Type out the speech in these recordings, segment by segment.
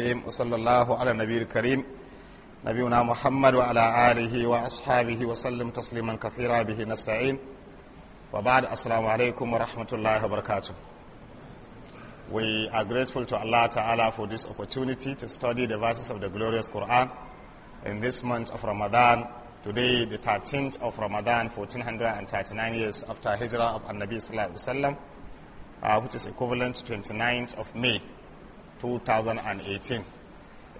الرحيم وصلى الله على النبي الكريم نبينا محمد وعلى آله وأصحابه وسلم تسليما كثيرا به نستعين وبعد السلام عليكم ورحمة الله وبركاته We are grateful to Allah Ta'ala for this opportunity to study the verses of the glorious Quran in this month of Ramadan, today the 13th of Ramadan, 1439 years after Hijrah of An-Nabi Sallallahu Alaihi Wasallam, uh, which is equivalent to 29th of May, 2018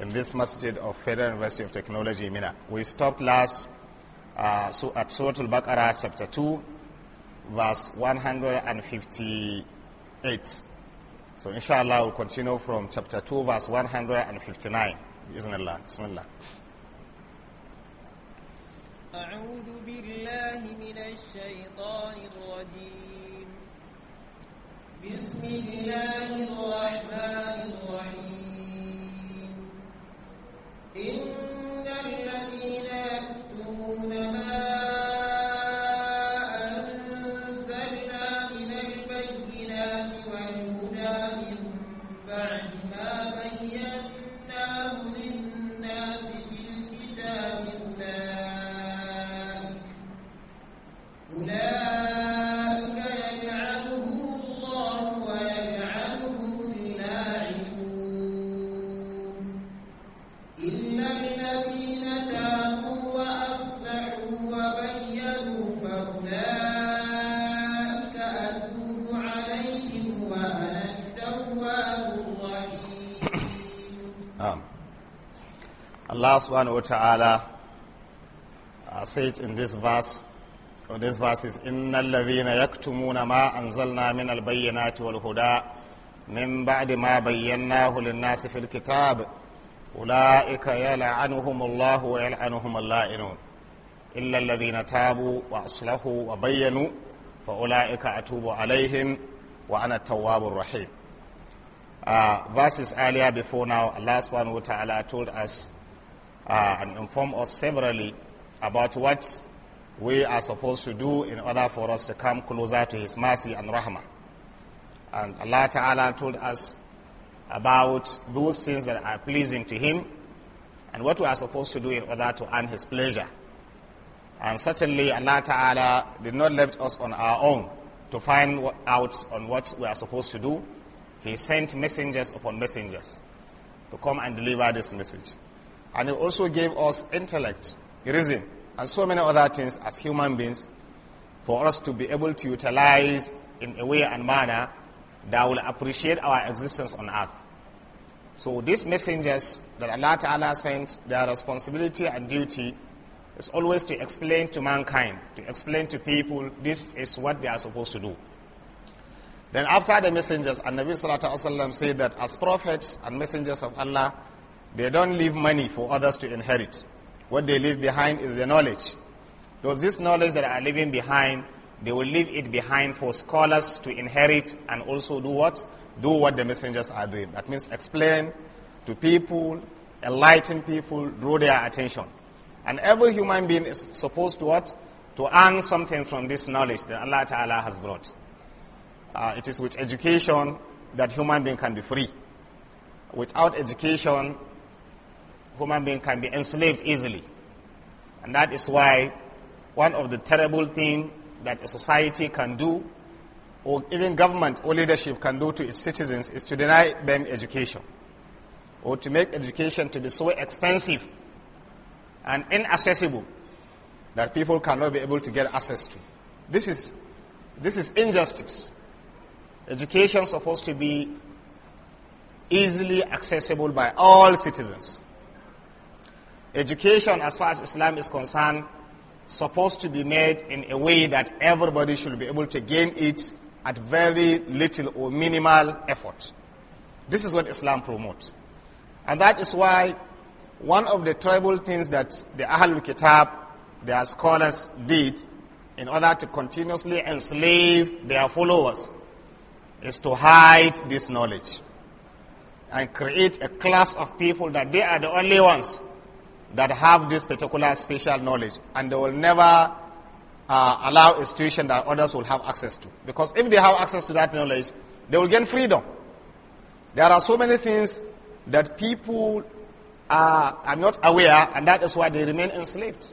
in this masjid of Federal University of Technology, Mina. We stopped last uh, so at Surah Al-Baqarah chapter 2 verse 158. So inshallah we'll continue from chapter 2 verse 159. is Bismillah. أعوذ بالله من الشيطان الرجيم بسم الله الرحمن الرحيم إن الذين يكتمون ما Allah subhanahu wa ta'ala uh, says in this verse, or this verse is, إِنَّ الَّذِينَ يَكْتُمُونَ مَا أَنزَلْنَا مِنَ الْبَيِّنَاتِ وَالْهُدَى مِن بَعْدِ مَا بَيَّنَّاهُ لِلنَّاسِ فِي الْكِتَابِ أُولَٰئِكَ يَلْعَنُهُمُ اللَّهُ وَيَلْعَنُهُمُ اللَّائِنُونَ إِلَّا الَّذِينَ تَابُوا وَأَصْلَحُوا وَبَيَّنُوا فَأُولَٰئِكَ أَتُوبُ عَلَيْهِمْ وَأَنَا التَّوَّابُ الرَّحِيمُ Uh, verses earlier before now, Allah subhanahu told us uh, and inform us severally about what we are supposed to do in order for us to come closer to His mercy and rahmah. And Allah Ta'ala told us about those things that are pleasing to Him and what we are supposed to do in order to earn His pleasure. And certainly Allah Ta'ala did not leave us on our own to find out on what we are supposed to do. He sent messengers upon messengers to come and deliver this message. And he also gave us intellect, reason, and so many other things as human beings for us to be able to utilize in a way and manner that will appreciate our existence on earth. So these messengers that Allah Ta'ala sent, their responsibility and duty is always to explain to mankind, to explain to people, this is what they are supposed to do. Then after the messengers, and Nabi Sallallahu Alaihi Wasallam said that as prophets and messengers of Allah, they don't leave money for others to inherit. What they leave behind is the knowledge. Because this knowledge that are leaving behind, they will leave it behind for scholars to inherit and also do what? Do what the messengers are doing. That means explain to people, enlighten people, draw their attention. And every human being is supposed to what? To earn something from this knowledge that Allah Ta'ala has brought. Uh, it is with education that human being can be free. Without education, human being can be enslaved easily. And that is why one of the terrible things that a society can do, or even government or leadership can do to its citizens, is to deny them education, or to make education to be so expensive and inaccessible that people cannot be able to get access to. This is, this is injustice. Education is supposed to be easily accessible by all citizens. Education, as far as Islam is concerned, supposed to be made in a way that everybody should be able to gain it at very little or minimal effort. This is what Islam promotes. And that is why one of the terrible things that the Ahlul Kitab, their scholars, did in order to continuously enslave their followers is to hide this knowledge and create a class of people that they are the only ones that have this particular special knowledge and they will never uh, allow a situation that others will have access to. Because if they have access to that knowledge, they will gain freedom. There are so many things that people are, are not aware, and that is why they remain enslaved.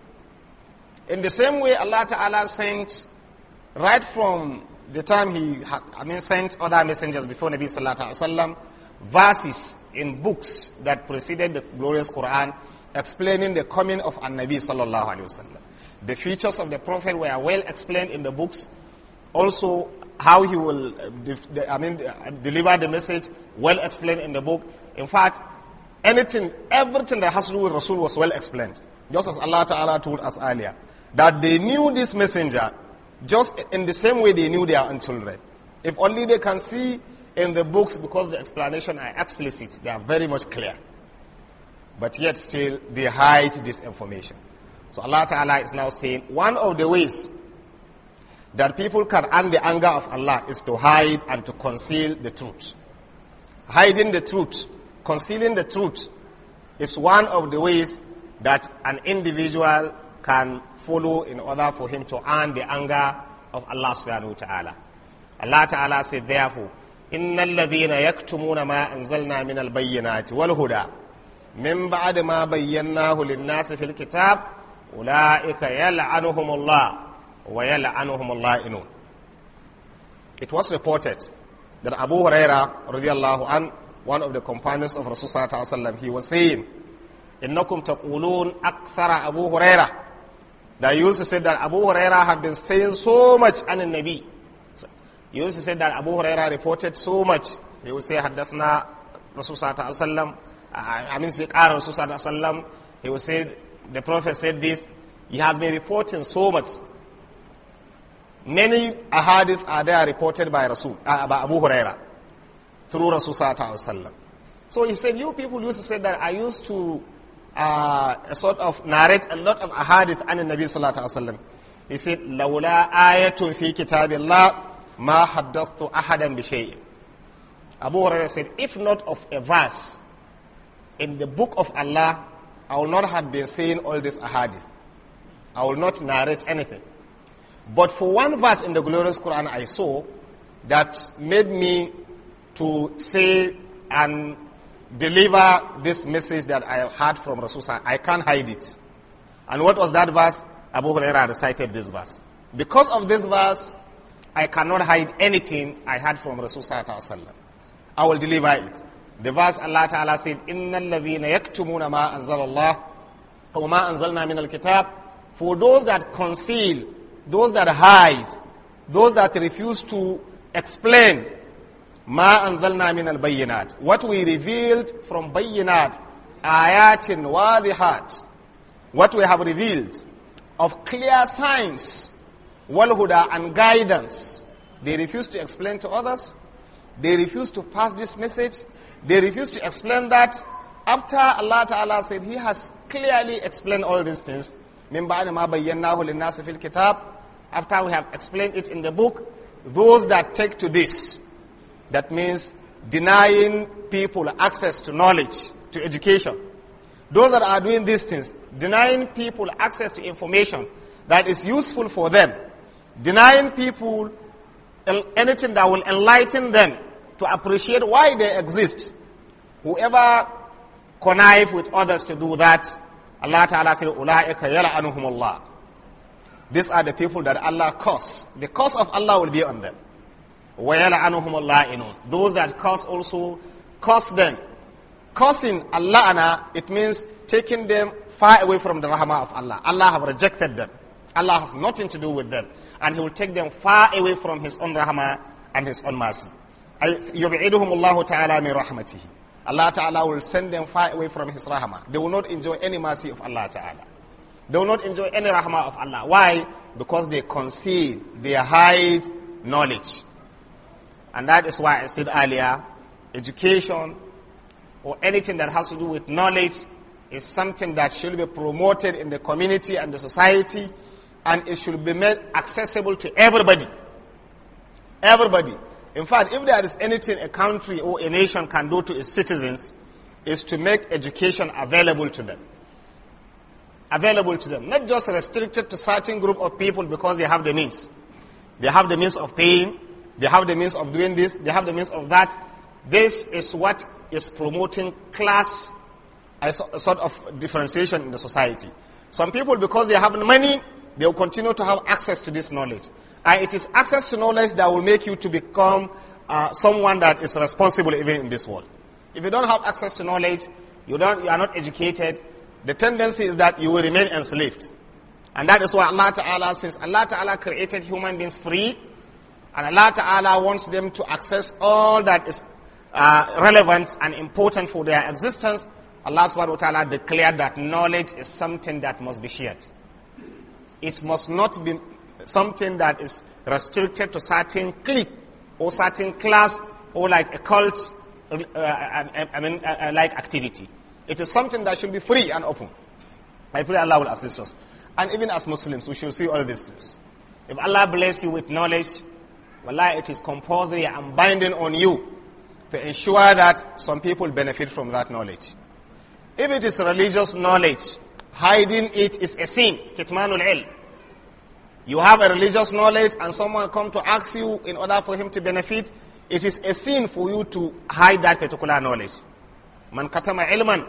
In the same way, Allah Ta'ala sent, right from the time He, I mean, sent other messengers before Nabi Sallallahu Alaihi Wasallam, verses in books that preceded the glorious Quran explaining the coming of An-Nabi sallallahu wasallam. The features of the Prophet were well explained in the books. Also, how he will, uh, I mean, uh, deliver the message, well explained in the book. In fact, anything, everything that has to do with Rasul was well explained. Just as Allah Ta'ala told us earlier, that they knew this messenger just in the same way they knew their own children. If only they can see in the books, because the explanation are explicit, they are very much clear. But yet still, they hide this information. So Allah Ta'ala is now saying, one of the ways that people can earn the anger of Allah is to hide and to conceal the truth. Hiding the truth, concealing the truth is one of the ways that an individual can follow in order for him to earn the anger of Allah subhanahu wa ta'ala. Allah ta'ala said therefore, إِنَّ الَّذِينَ يَكْتُمُونَ مَا أَنزَلْنَا مِنَ الْبَيِّنَاتِ وَالْهُدَى min ba'da ma bayyanahu lin-nasi fil kitab ulaika yal'anuhumullah wa yal'anuhumullah inu it was reported that Abu Huraira radiyallahu an one of the companions of Rasulullah sallallahu he was saying innakum taqulun akthara Abu Huraira that you used to say that Abu Huraira had been saying so much an nabi you used to say that Abu Huraira reported so much he would say haddathna Rasulullah sallallahu I mean, Sikar Rasul he was said, the Prophet said this, he has been reporting so much. Many ahadith are there reported by Rasul, uh, by Abu Huraira, through Rasul Sallallahu So he said, you people used to say that I used to uh, sort of narrate a lot of ahadith and Nabi Sallallahu He said, لولا آية في كتاب الله ما حدثت أحدا بشيء. Abu Huraira said, if not of a verse in the book of Allah, I will not have been saying all this ahadith. I will not narrate anything. But for one verse in the glorious Quran I saw that made me to say and deliver this message that I heard from Rasulullah. I can't hide it. And what was that verse? Abu Huraira recited this verse. Because of this verse, I cannot hide anything I heard from Rasulullah. I will deliver it. The verse Allah Ta'ala said, إِنَّ الَّذِينَ يَكْتُمُونَ مَا أَنزَلَ اللَّهُ وَمَا أَنزَلْنَا مِنَ الْكِتَابِ For those that conceal, those that hide, those that refuse to explain, مَا أَنزَلْنَا مِنَ الْبَيِّنَاتِ What we revealed from bayinat, ayatin wadihat, what we have revealed of clear signs, walhuda and guidance, they refuse to explain to others, they refuse to pass this message, they refuse to explain that after Allah Ta'ala said He has clearly explained all these things. After we have explained it in the book, those that take to this, that means denying people access to knowledge, to education. Those that are doing these things, denying people access to information that is useful for them, denying people anything that will enlighten them to appreciate why they exist, Whoever connive with others to do that, Allah Ta'ala says, أُولَٰئِكَ يَلَعَنُهُمُ اللَّهِ These are the people that Allah curse. The curse of Allah will be on them. وَيَلَعَنُهُمُ اللَّائِنُونَ Those that curse also, curse them. Cursing Allah, it means taking them far away from the rahmah of Allah. Allah have rejected them. Allah has nothing to do with them. And He will take them far away from His own rahmah and His own mercy. يُبْعِدُهُمُ اللَّهُ تَعَالَى مِنْ رَحْمَتِهِ Allah Ta'ala will send them far away from His rahmah. They will not enjoy any mercy of Allah Ta'ala. They will not enjoy any rahmah of Allah. Why? Because they conceal, they hide knowledge. And that is why I said earlier, education or anything that has to do with knowledge is something that should be promoted in the community and the society and it should be made accessible to everybody. Everybody. In fact, if there is anything a country or a nation can do to its citizens, is to make education available to them. Available to them. Not just restricted to certain group of people because they have the means. They have the means of paying, they have the means of doing this, they have the means of that. This is what is promoting class, a sort of differentiation in the society. Some people, because they have money, they will continue to have access to this knowledge. And it is access to knowledge that will make you to become uh, someone that is responsible even in this world. If you don't have access to knowledge, you, don't, you are not educated, the tendency is that you will remain enslaved. And that is why Allah Ta'ala says, Allah Ta'ala created human beings free, and Allah Ta'ala wants them to access all that is uh, relevant and important for their existence. Allah Subhanahu wa Ta'ala declared that knowledge is something that must be shared. It must not be something that is restricted to certain clique or certain class or like a cult, uh, I mean, uh, uh, like activity. It is something that should be free and open. I pray Allah will assist us. And even as Muslims, we should see all these things. If Allah bless you with knowledge, Wallah, it is compulsory and binding on you to ensure that some people benefit from that knowledge. If it is religious knowledge, hiding it is a sin. Kitmanul ilm. You have a religious knowledge and someone come to ask you in order for him to benefit, it is a sin for you to hide that particular knowledge. Man katama ilman,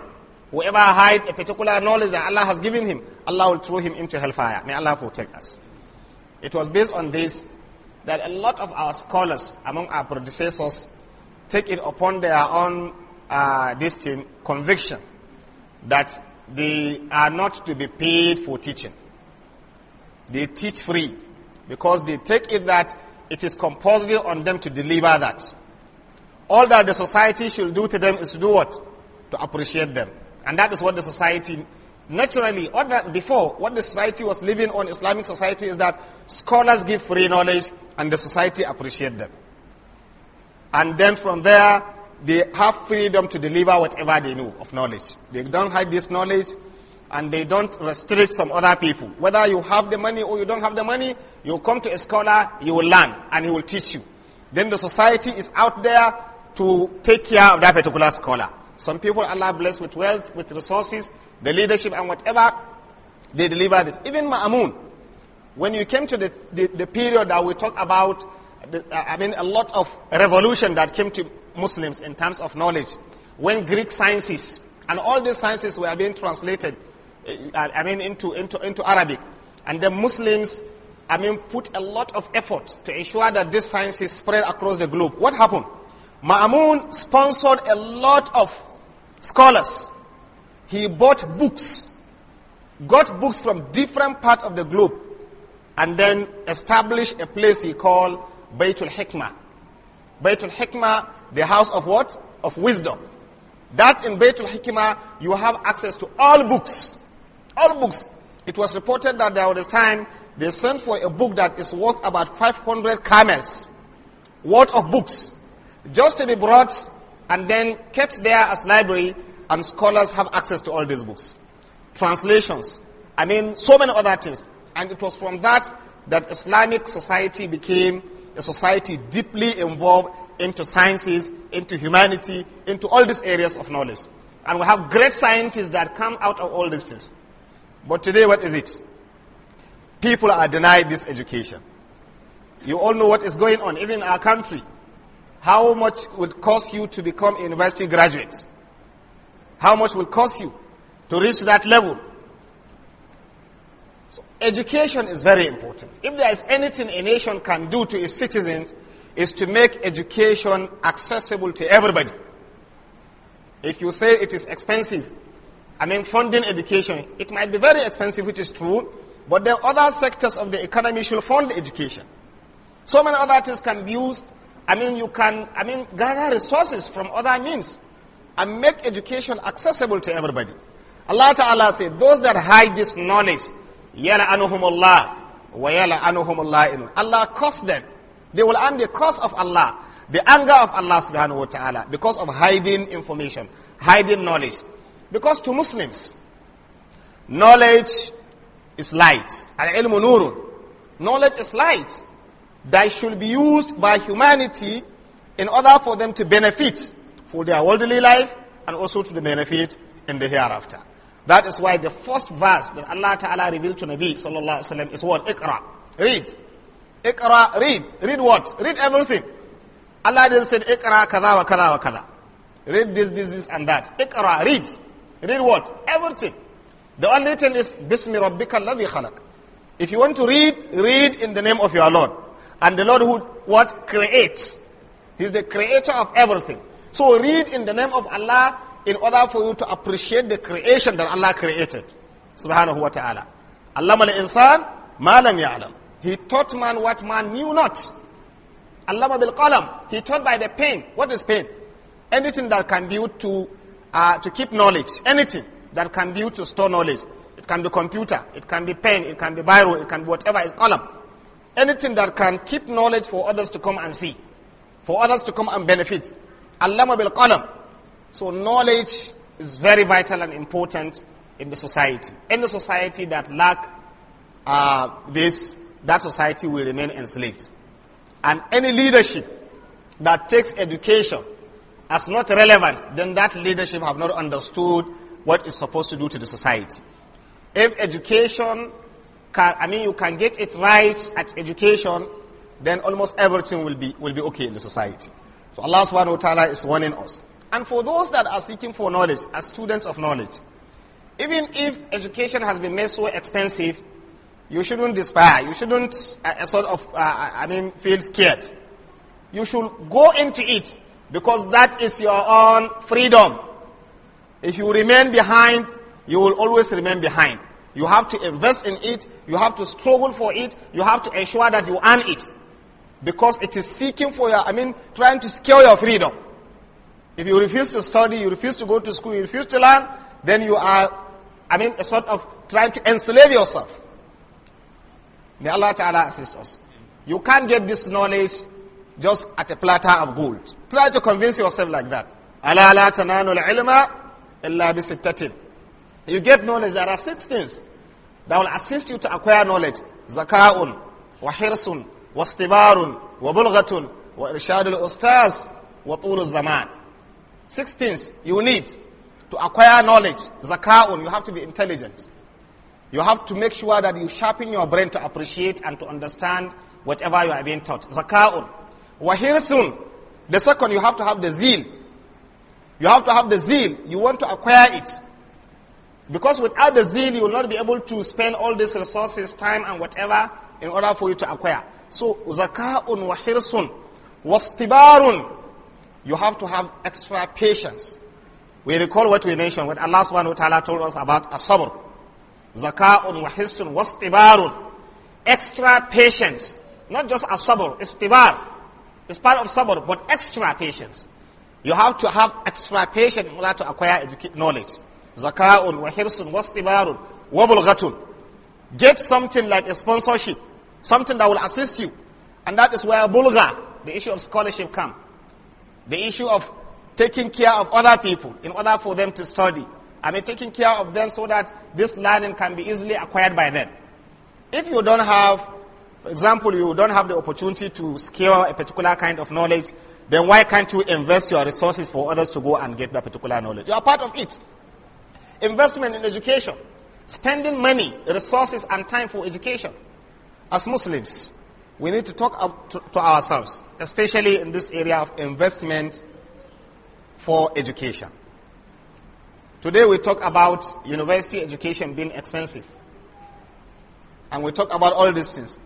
whoever hide a particular knowledge that Allah has given him, Allah will throw him into hellfire. May Allah protect us. It was based on this that a lot of our scholars among our predecessors take it upon their own uh, distinct conviction that they are not to be paid for teaching they teach free because they take it that it is compulsory on them to deliver that. All that the society should do to them is to do what? To appreciate them. And that is what the society naturally, or that before, what the society was living on, Islamic society, is that scholars give free knowledge and the society appreciate them. And then from there, they have freedom to deliver whatever they know of knowledge. They don't hide this knowledge and they don't restrict some other people. Whether you have the money or you don't have the money, you come to a scholar, you will learn and he will teach you. Then the society is out there to take care of that particular scholar. Some people Allah bless with wealth, with resources, the leadership and whatever, they deliver this. Even Ma'amun, when you came to the, the, the period that we talk about, the, I mean a lot of revolution that came to Muslims in terms of knowledge, when Greek sciences and all these sciences were being translated I mean, into, into, into Arabic. And the Muslims, I mean, put a lot of effort to ensure that this science is spread across the globe. What happened? Ma'amun sponsored a lot of scholars. He bought books, got books from different parts of the globe, and then established a place he called Baytul Hikmah. Baytul Hikmah, the house of what? Of wisdom. That in Baytul Hikmah, you have access to all books all books. It was reported that there was a time they sent for a book that is worth about 500 camels worth of books just to be brought and then kept there as library and scholars have access to all these books. Translations. I mean, so many other things. And it was from that that Islamic society became a society deeply involved into sciences, into humanity, into all these areas of knowledge. And we have great scientists that come out of all these things. But today, what is it? People are denied this education. You all know what is going on, even in our country. How much would cost you to become a university graduate? How much will cost you to reach that level? So education is very important. If there is anything a nation can do to its citizens, is to make education accessible to everybody. If you say it is expensive, I mean, funding education. It might be very expensive, which is true, but are other sectors of the economy should fund education. So many other things can be used. I mean, you can, I mean, gather resources from other means and make education accessible to everybody. Allah Ta'ala said, those that hide this knowledge, yala Allah, wa yala Allah Allah curse them. They will earn the curse of Allah, the anger of Allah subhanahu wa ta'ala because of hiding information, hiding knowledge. Because to Muslims, knowledge is light. al Knowledge is light that should be used by humanity in order for them to benefit for their worldly life and also to the benefit in the hereafter. That is why the first verse that Allah Ta'ala revealed to Nabi Sallallahu Alaihi Wasallam is what? Iqra. Read. Iqra, read. Read what? Read everything. Allah then said, Iqra kada wa kada wa kada. Read this, this, this and that. Iqra, read. Read what? Everything. The only thing is Bismi Rabbika Ladhi Khalak. If you want to read, read in the name of your Lord. And the Lord who what creates. He's the creator of everything. So read in the name of Allah in order for you to appreciate the creation that Allah created. Subhanahu wa ta'ala. Allama al-insan ma lam ya'lam. He taught man what man knew not. Allama bil qalam. He taught by the pain. What is pain? Anything that can be to uh, to keep knowledge, anything that can be used to store knowledge. It can be computer, it can be pen, it can be viral, it can be whatever is column. Anything that can keep knowledge for others to come and see, for others to come and benefit. Allama bil qalam. So knowledge is very vital and important in the society. Any society that lack uh, this, that society will remain enslaved. And any leadership that takes education as not relevant, then that leadership have not understood what it's supposed to do to the society. If education, can, I mean, you can get it right at education, then almost everything will be, will be okay in the society. So Allah subhanahu wa ta'ala is warning us. And for those that are seeking for knowledge, as students of knowledge, even if education has been made so expensive, you shouldn't despair. You shouldn't uh, uh sort of, uh, I mean, feel scared. You should go into it because that is your own freedom. If you remain behind, you will always remain behind. You have to invest in it. You have to struggle for it. You have to ensure that you earn it. Because it is seeking for your, I mean, trying to scale your freedom. If you refuse to study, you refuse to go to school, you refuse to learn, then you are, I mean, a sort of trying to enslave yourself. May Allah Ta'ala assist us. You can't get this knowledge just at a platter of gold. Try to convince yourself like that. Ala la You get knowledge, there are six things that will assist you to acquire knowledge. Zaka'un, wa hirsun, wa stibarun, wa bulghatun, wa irshadul ustaz, wa zaman. Six things you need to acquire knowledge. Zaka'un, you have to be intelligent. You have to make sure that you sharpen your brain to appreciate and to understand whatever you are being taught. Zaka'un. Wahirsun. The second, you have to have the zeal. You have to have the zeal. You want to acquire it. Because without the zeal, you will not be able to spend all these resources, time, and whatever in order for you to acquire. So, zaka'un wa was wastibarun. You have to have extra patience. We recall what we mentioned when Allah subhanahu wa ta'ala told us about as-sabr. Zaka'un wa was wastibarun. Extra patience. Not just as istibar in spite of sabr, but extra patience. You have to have extra patience in order to acquire knowledge. Zaka'un, wahirsun, wastibarun, wabulghatun. Get something like a sponsorship, something that will assist you. And that is where bulga, the issue of scholarship come. The issue of taking care of other people in order for them to study. I mean, taking care of them so that this learning can be easily acquired by them. If you don't have for example, you don't have the opportunity to scale a particular kind of knowledge, then why can't you invest your resources for others to go and get that particular knowledge? You are part of it. Investment in education, spending money, resources, and time for education. As Muslims, we need to talk to, to ourselves, especially in this area of investment for education. Today we talk about university education being expensive. And we talk about all these things.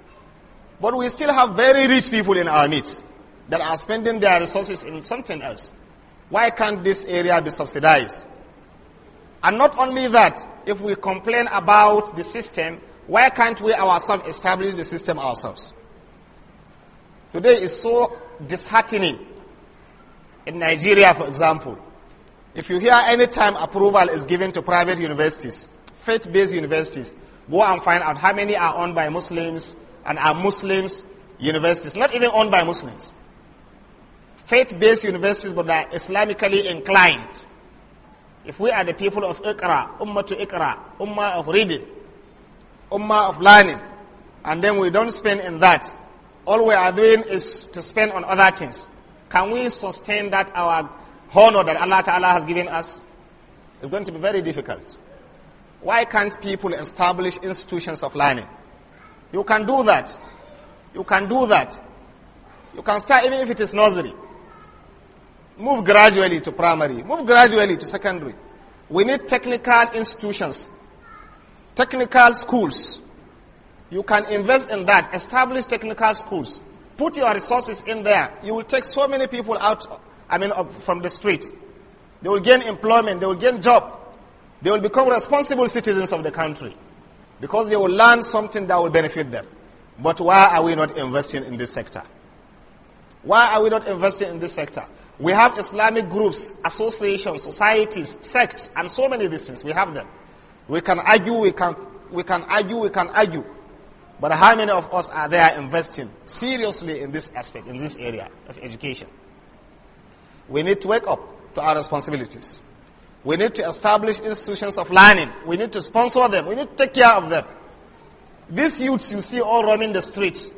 But we still have very rich people in our midst that are spending their resources in something else. Why can't this area be subsidized? And not only that, if we complain about the system, why can't we ourselves establish the system ourselves? Today is so disheartening. In Nigeria, for example, if you hear any time approval is given to private universities, faith-based universities, go and find out how many are owned by Muslims, and are Muslims universities, not even owned by Muslims. Faith-based universities, but they are Islamically inclined. If we are the people of Iqra, Ummah to Iqra, Ummah of reading, Ummah of learning, and then we don't spend in that, all we are doing is to spend on other things. Can we sustain that our honor that Allah Ta'ala has given us? It's going to be very difficult. Why can't people establish institutions of learning? You can do that. You can do that. You can start even if it is nursery. Move gradually to primary. Move gradually to secondary. We need technical institutions, technical schools. You can invest in that. Establish technical schools. Put your resources in there. You will take so many people out, I mean, from the street. They will gain employment. They will gain job. They will become responsible citizens of the country. Because they will learn something that will benefit them. But why are we not investing in this sector? Why are we not investing in this sector? We have Islamic groups, associations, societies, sects, and so many of these things. We have them. We can argue, we can, we can argue, we can argue. But how many of us are there investing seriously in this aspect, in this area of education? We need to wake up to our responsibilities. We need to establish institutions of learning. We need to sponsor them. We need to take care of them. These youths you see all roaming the streets.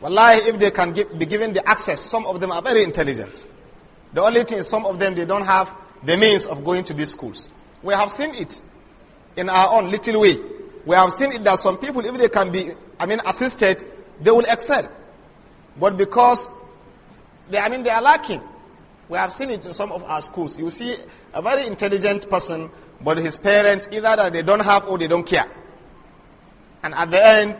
Wallahi, if they can give, be given the access, some of them are very intelligent. The only thing is some of them, they don't have the means of going to these schools. We have seen it in our own little way. We have seen it that some people, if they can be, I mean, assisted, they will excel. But because, they, I mean, they are lacking. We have seen it in some of our schools. You see a very intelligent person, but his parents either that they don't have or they don't care. And at the end,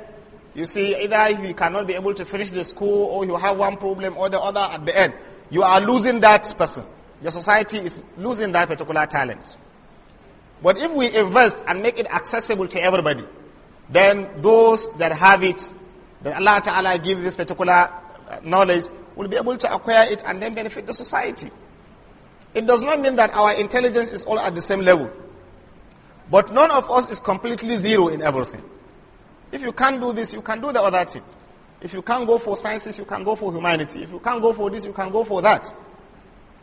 you see either he cannot be able to finish the school or you have one problem or the other at the end. You are losing that person. Your society is losing that particular talent. But if we invest and make it accessible to everybody, then those that have it, that Allah Ta'ala give this particular uh, knowledge, will be able to acquire it and then benefit the society. It does not mean that our intelligence is all at the same level. But none of us is completely zero in everything. If you can't do this, you can do the other thing. If you can't go for sciences, you can go for humanity. If you can't go for this, you can go for that.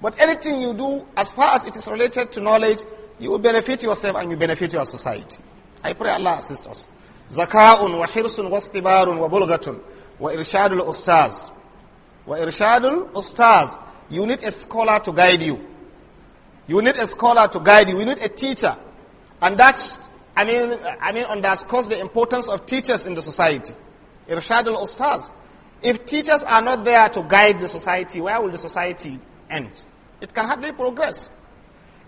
But anything you do, as far as it is related to knowledge, you will benefit yourself and you benefit your society. I pray Allah assist us. زكاء wa واصطبار wa irshadul ustāz. Wa irshadul You need a scholar to guide you. You need a scholar to guide you. You need a teacher. And that, I mean, I mean, underscores the importance of teachers in the society. Irshadul ustaz. If teachers are not there to guide the society, where will the society end? It can hardly progress.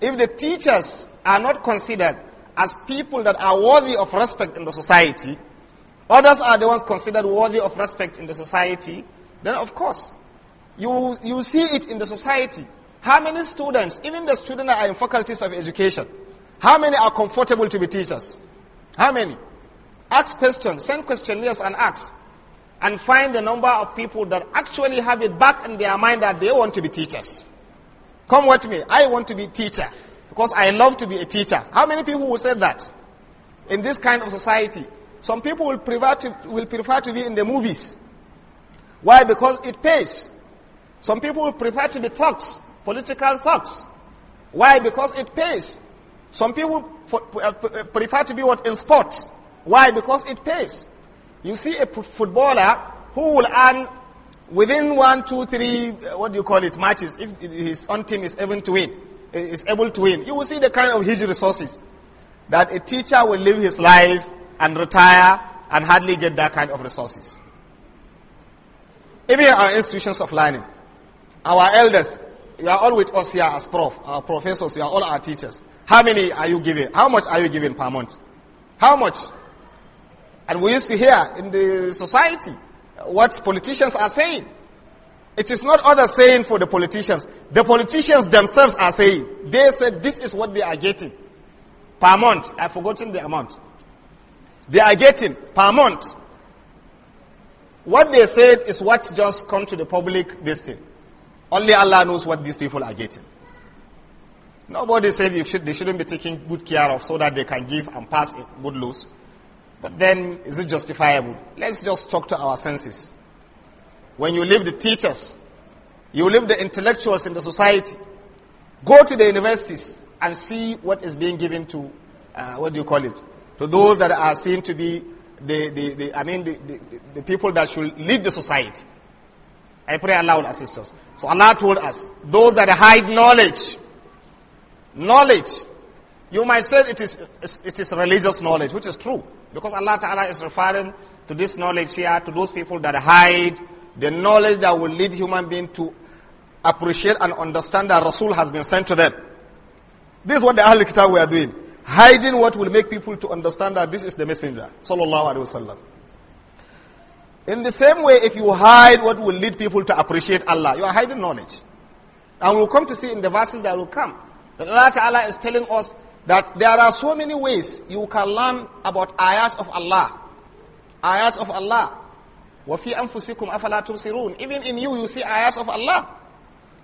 If the teachers are not considered as people that are worthy of respect in the society, others are the ones considered worthy of respect in the society, then of course, you, you see it in the society. How many students, even the students that are in faculties of education, how many are comfortable to be teachers? How many? Ask questions, send questionnaires and ask. And find the number of people that actually have it back in their mind that they want to be teachers. Come with me. I want to be a teacher. Because I love to be a teacher. How many people will say that? In this kind of society. Some people will prefer to, will prefer to be in the movies why? Because it pays. Some people prefer to be thugs, political thugs. Why? Because it pays. Some people uh, uh, prefer to be what in sports. Why? Because it pays. You see a footballer who will earn within one, two, three, uh, what do you call it, matches, if his own team is able to win, eh, is able to win, you will see the kind of huge resources that a teacher will live his life and retire and hardly get that kind of resources. Even our institutions of learning, our elders, you are all with us here as prof, our professors, you are all our teachers. How many are you giving? How much are you giving per month? How much? And we used to hear in the society what politicians are saying. It is not others saying for the politicians. The politicians themselves are saying. They said this is what they are getting per month. I've forgotten the amount. They are getting per month what they said is what's just come to the public this thing. Only Allah knows what these people are getting. Nobody said you should, they shouldn't be taking good care of so that they can give and pass a good laws. But then, is it justifiable? Let's just talk to our senses. When you leave the teachers, you leave the intellectuals in the society, go to the universities and see what is being given to, uh, what do you call it, to those that are seen to be the, the, the I mean, the, the, the people that should lead the society. I pray Allah will assist us. So Allah told us, those that hide knowledge, knowledge, you might say it is, it is religious knowledge, which is true. Because Allah Ta'ala is referring to this knowledge here, to those people that hide the knowledge that will lead human being to appreciate and understand that Rasul has been sent to them. This is what the Ahlul Kitab were doing. Hiding what will make people to understand that this is the messenger. Sallallahu Alaihi Wasallam. In the same way, if you hide what will lead people to appreciate Allah, you are hiding knowledge. And we'll come to see in the verses that will come. That Allah Ta'ala is telling us that there are so many ways you can learn about ayats of Allah. Ayats of Allah. وَفِي أَنفُسِكُمْ أَفَلَا تُبْصِرُونَ Even in you, you see ayats of Allah.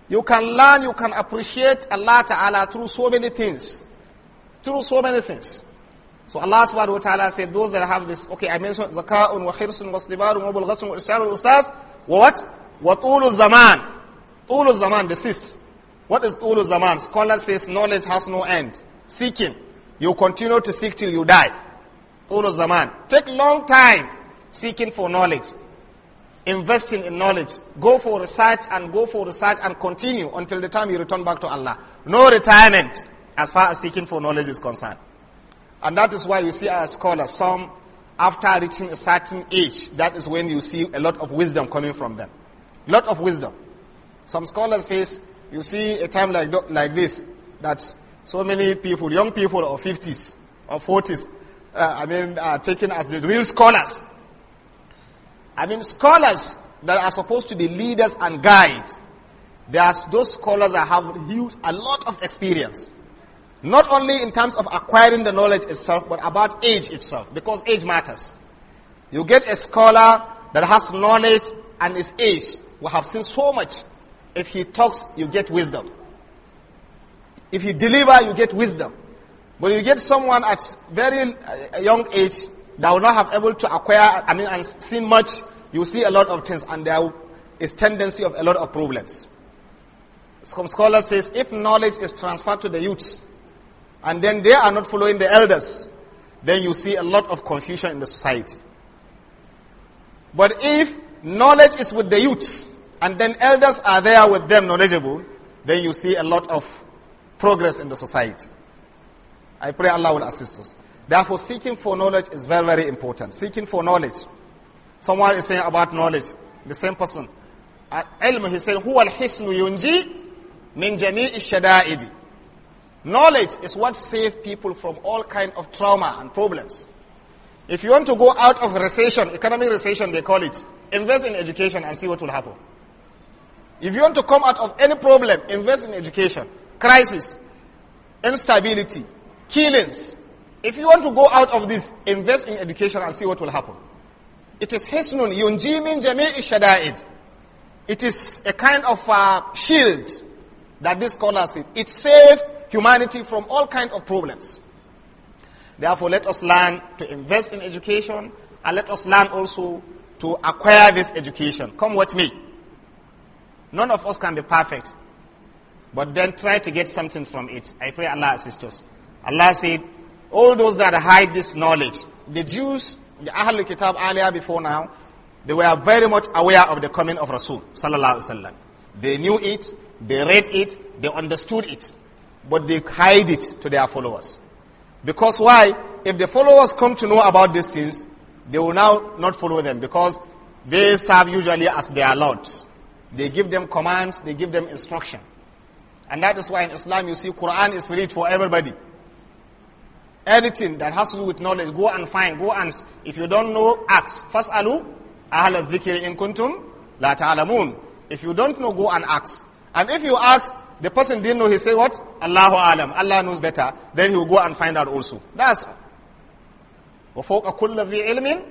You can learn, you can appreciate Allah Ta'ala through so many things through so many things. So Allah subhanahu wa ta'ala said, those that have this, okay, I mentioned zaka'un wa khirsun wa slibarun wa bulghasun wa irsalun wa ustaz, wa what? Wa tulu zaman. Tulu zaman, desist. What is tulu zaman? Scholar says knowledge has no end. Seeking. You continue to seek till you die. Tulu zaman. Take long time seeking for knowledge. Investing in knowledge. Go for research and go for research and continue until the time you return back to Allah. No retirement as far as seeking for knowledge is concerned. And that is why you see our scholars, some after reaching a certain age, that is when you see a lot of wisdom coming from them. A lot of wisdom. Some scholars says, you see a time like, like this, that so many people, young people of 50s or 40s, uh, I mean, are taken as the real scholars. I mean, scholars that are supposed to be leaders and guides. There are those scholars that have huge, a lot of experience. Not only in terms of acquiring the knowledge itself, but about age itself, because age matters. You get a scholar that has knowledge and is aged. We have seen so much. If he talks, you get wisdom. If he deliver, you get wisdom. But you get someone at very uh, young age that will not have able to acquire, I mean, and seen much, you see a lot of things, and there is tendency of a lot of problems. Some scholar says if knowledge is transferred to the youths, and then they are not following the elders, then you see a lot of confusion in the society. But if knowledge is with the youths, and then elders are there with them knowledgeable, then you see a lot of progress in the society. I pray Allah will assist us. Therefore, seeking for knowledge is very, very important. Seeking for knowledge. Someone is saying about knowledge, the same person. At ah, ilm, he said, هو الحسن yunji من ishada edi." Knowledge is what saves people from all kind of trauma and problems. If you want to go out of recession, economic recession they call it, invest in education and see what will happen. If you want to come out of any problem, invest in education. Crisis, instability, killings. If you want to go out of this, invest in education and see what will happen. It is hisnun yunji jami'i shada'id. It is a kind of uh, shield that this scholars said. It saves humanity from all kinds of problems. Therefore, let us learn to invest in education and let us learn also to acquire this education. Come with me. None of us can be perfect, but then try to get something from it. I pray Allah assists us. Allah said, all those that hide this knowledge, the Jews, the Ahlul Kitab earlier before now, they were very much aware of the coming of Rasul They knew it, they read it, they understood it but they hide it to their followers. Because why? If the followers come to know about these things, they will now not follow them because they serve usually as their lords. They give them commands, they give them instruction. And that is why in Islam you see Quran is read for everybody. Anything that has to do with knowledge, go and find, go and, if you don't know, ask. First alu, ahal in kuntum, la ta'alamun. If you don't know, go and ask. And if you ask, the person didn't know, he said, what? Allahu alam. Allah knows better. Then he will go and find out also. That's وَفَوْقَ كُلَّ ذِي عِلْمٍ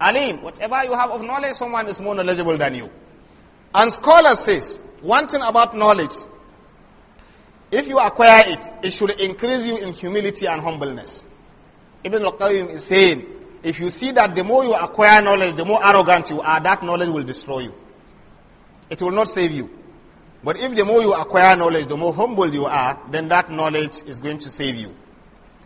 alim. Whatever you have of knowledge, someone is more knowledgeable than you. And scholar says, one thing about knowledge, if you acquire it, it should increase you in humility and humbleness. Ibn al-Qayyim is saying, if you see that the more you acquire knowledge, the more arrogant you are, that knowledge will destroy you. It will not save you. But if the more you acquire knowledge, the more humble you are, then that knowledge is going to save you.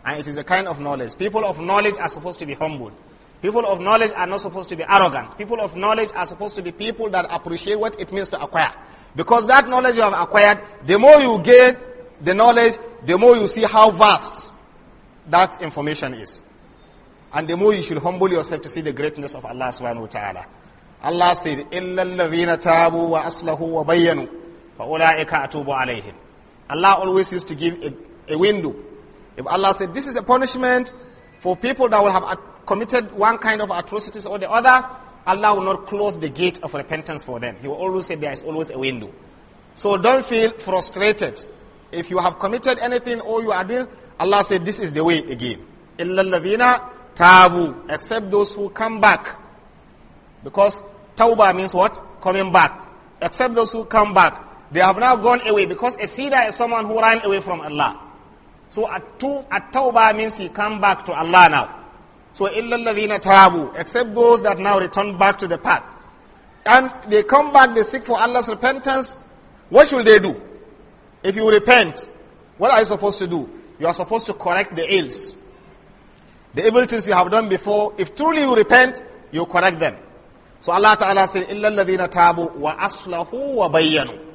And it is a kind of knowledge. People of knowledge are supposed to be humble. People of knowledge are not supposed to be arrogant. People of knowledge are supposed to be people that appreciate what it means to acquire. Because that knowledge you have acquired, the more you get the knowledge, the more you see how vast that information is. And the more you should humble yourself to see the greatness of Allah subhanahu wa ta'ala. Allah said, إِلَّا الَّذِينَ تَابُوا وَأَصْلَهُوا وَبَيَّنُوا Allah always used to give a, a window. If Allah said, this is a punishment for people that will have committed one kind of atrocities or the other, Allah will not close the gate of repentance for them. He will always say there is always a window. So don't feel frustrated. If you have committed anything or you are doing, Allah said this is the way again. except those who come back. Because tawbah means what? Coming back. Except those who come back. They have now gone away because a sinner is someone who ran away from Allah. So at tawbah means he come back to Allah now. So إِلَّا الَّذِينَ tabu, except those that now return back to the path. And they come back, they seek for Allah's repentance. What should they do? If you repent, what are you supposed to do? You are supposed to correct the ills. The evil things you have done before, if truly you repent, you correct them. So Allah Ta'ala said, إِلَّا wa تَابُوا wa وَبَيَّنُوا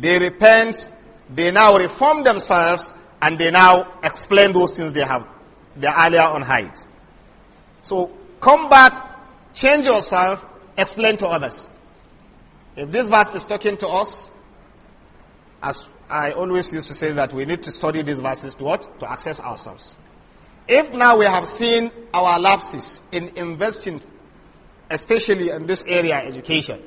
they repent, they now reform themselves, and they now explain those things they have they earlier on hide. So come back, change yourself, explain to others. If this verse is talking to us, as I always used to say that we need to study these verses to what? To access ourselves. If now we have seen our lapses in investing, especially in this area, education,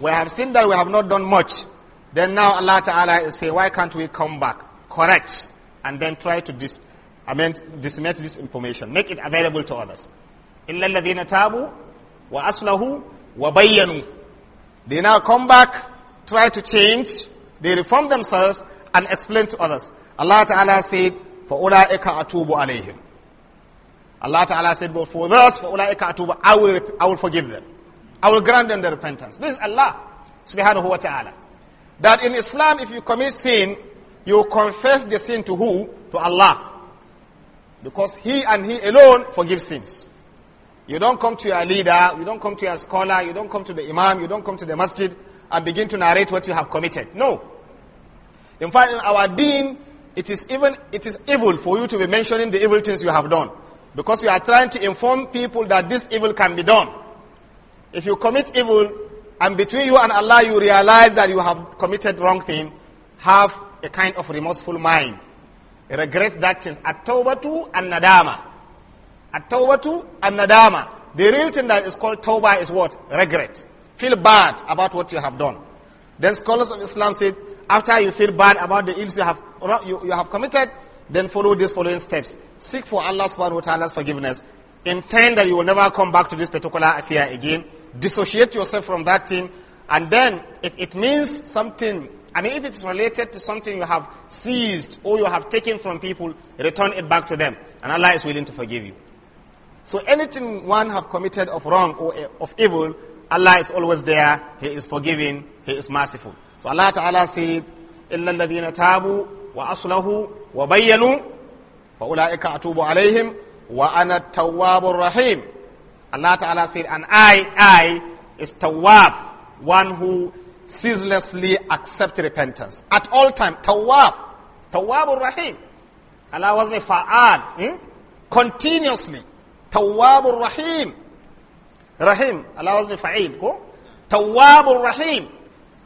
we have seen that we have not done much then now Allah Ta'ala is saying, why can't we come back? Correct. And then try to dis, I mean, disseminate this information. Make it available to others. إِلَّا الَّذِينَ تَابُوا وَأَصْلَهُ وَبَيَّنُوا They now come back, try to change, they reform themselves and explain to others. Allah Ta'ala said, فَأُولَٰئِكَ أَتُوبُ عَلَيْهِمْ Allah Ta'ala said, but for those, فَأُولَٰئِكَ أَتُوبُ I will, I will forgive them. I will grant them the repentance. This is Allah subhanahu wa ta'ala. That in Islam, if you commit sin, you confess the sin to who? To Allah. Because He and He alone forgives sins. You don't come to your leader, you don't come to your scholar, you don't come to the imam, you don't come to the masjid and begin to narrate what you have committed. No. In fact, in our deen, it is even, it is evil for you to be mentioning the evil things you have done. Because you are trying to inform people that this evil can be done. If you commit evil, and between you and Allah you realize that you have committed wrong thing, have a kind of remorseful mind. Regret that thing. At-tawbatu and nadama. At-tawbatu and nadama. The real thing that is called tawbah is what? Regret. Feel bad about what you have done. Then scholars of Islam said, after you feel bad about the ills you have, you, you have committed, then follow these following steps. Seek for Allah subhanahu wa ta'ala's forgiveness. Intend that you will never come back to this particular affair again dissociate yourself from that thing. And then, if it means something, I mean, if it's related to something you have seized or you have taken from people, return it back to them. And Allah is willing to forgive you. So anything one have committed of wrong or of evil, Allah is always there. He is forgiving. He is merciful. So Allah Ta'ala said, إِلَّا الَّذِينَ تَابُوا وَأَصْلَهُوا وَبَيَّنُوا فَأُولَٰئِكَ أَتُوبُ عَلَيْهِمْ وَأَنَا التَّوَّابُ الرَّحِيمُ Allah Ta'ala said, and I, I is Tawab, one who ceaselessly accepts repentance. At all times. Tawab, Tawabur Rahim. Allah was a Fa'ad, hmm? continuously. Tawabur Rahim. Rahim, Allah was a Fa'il, go. Tawabur Rahim.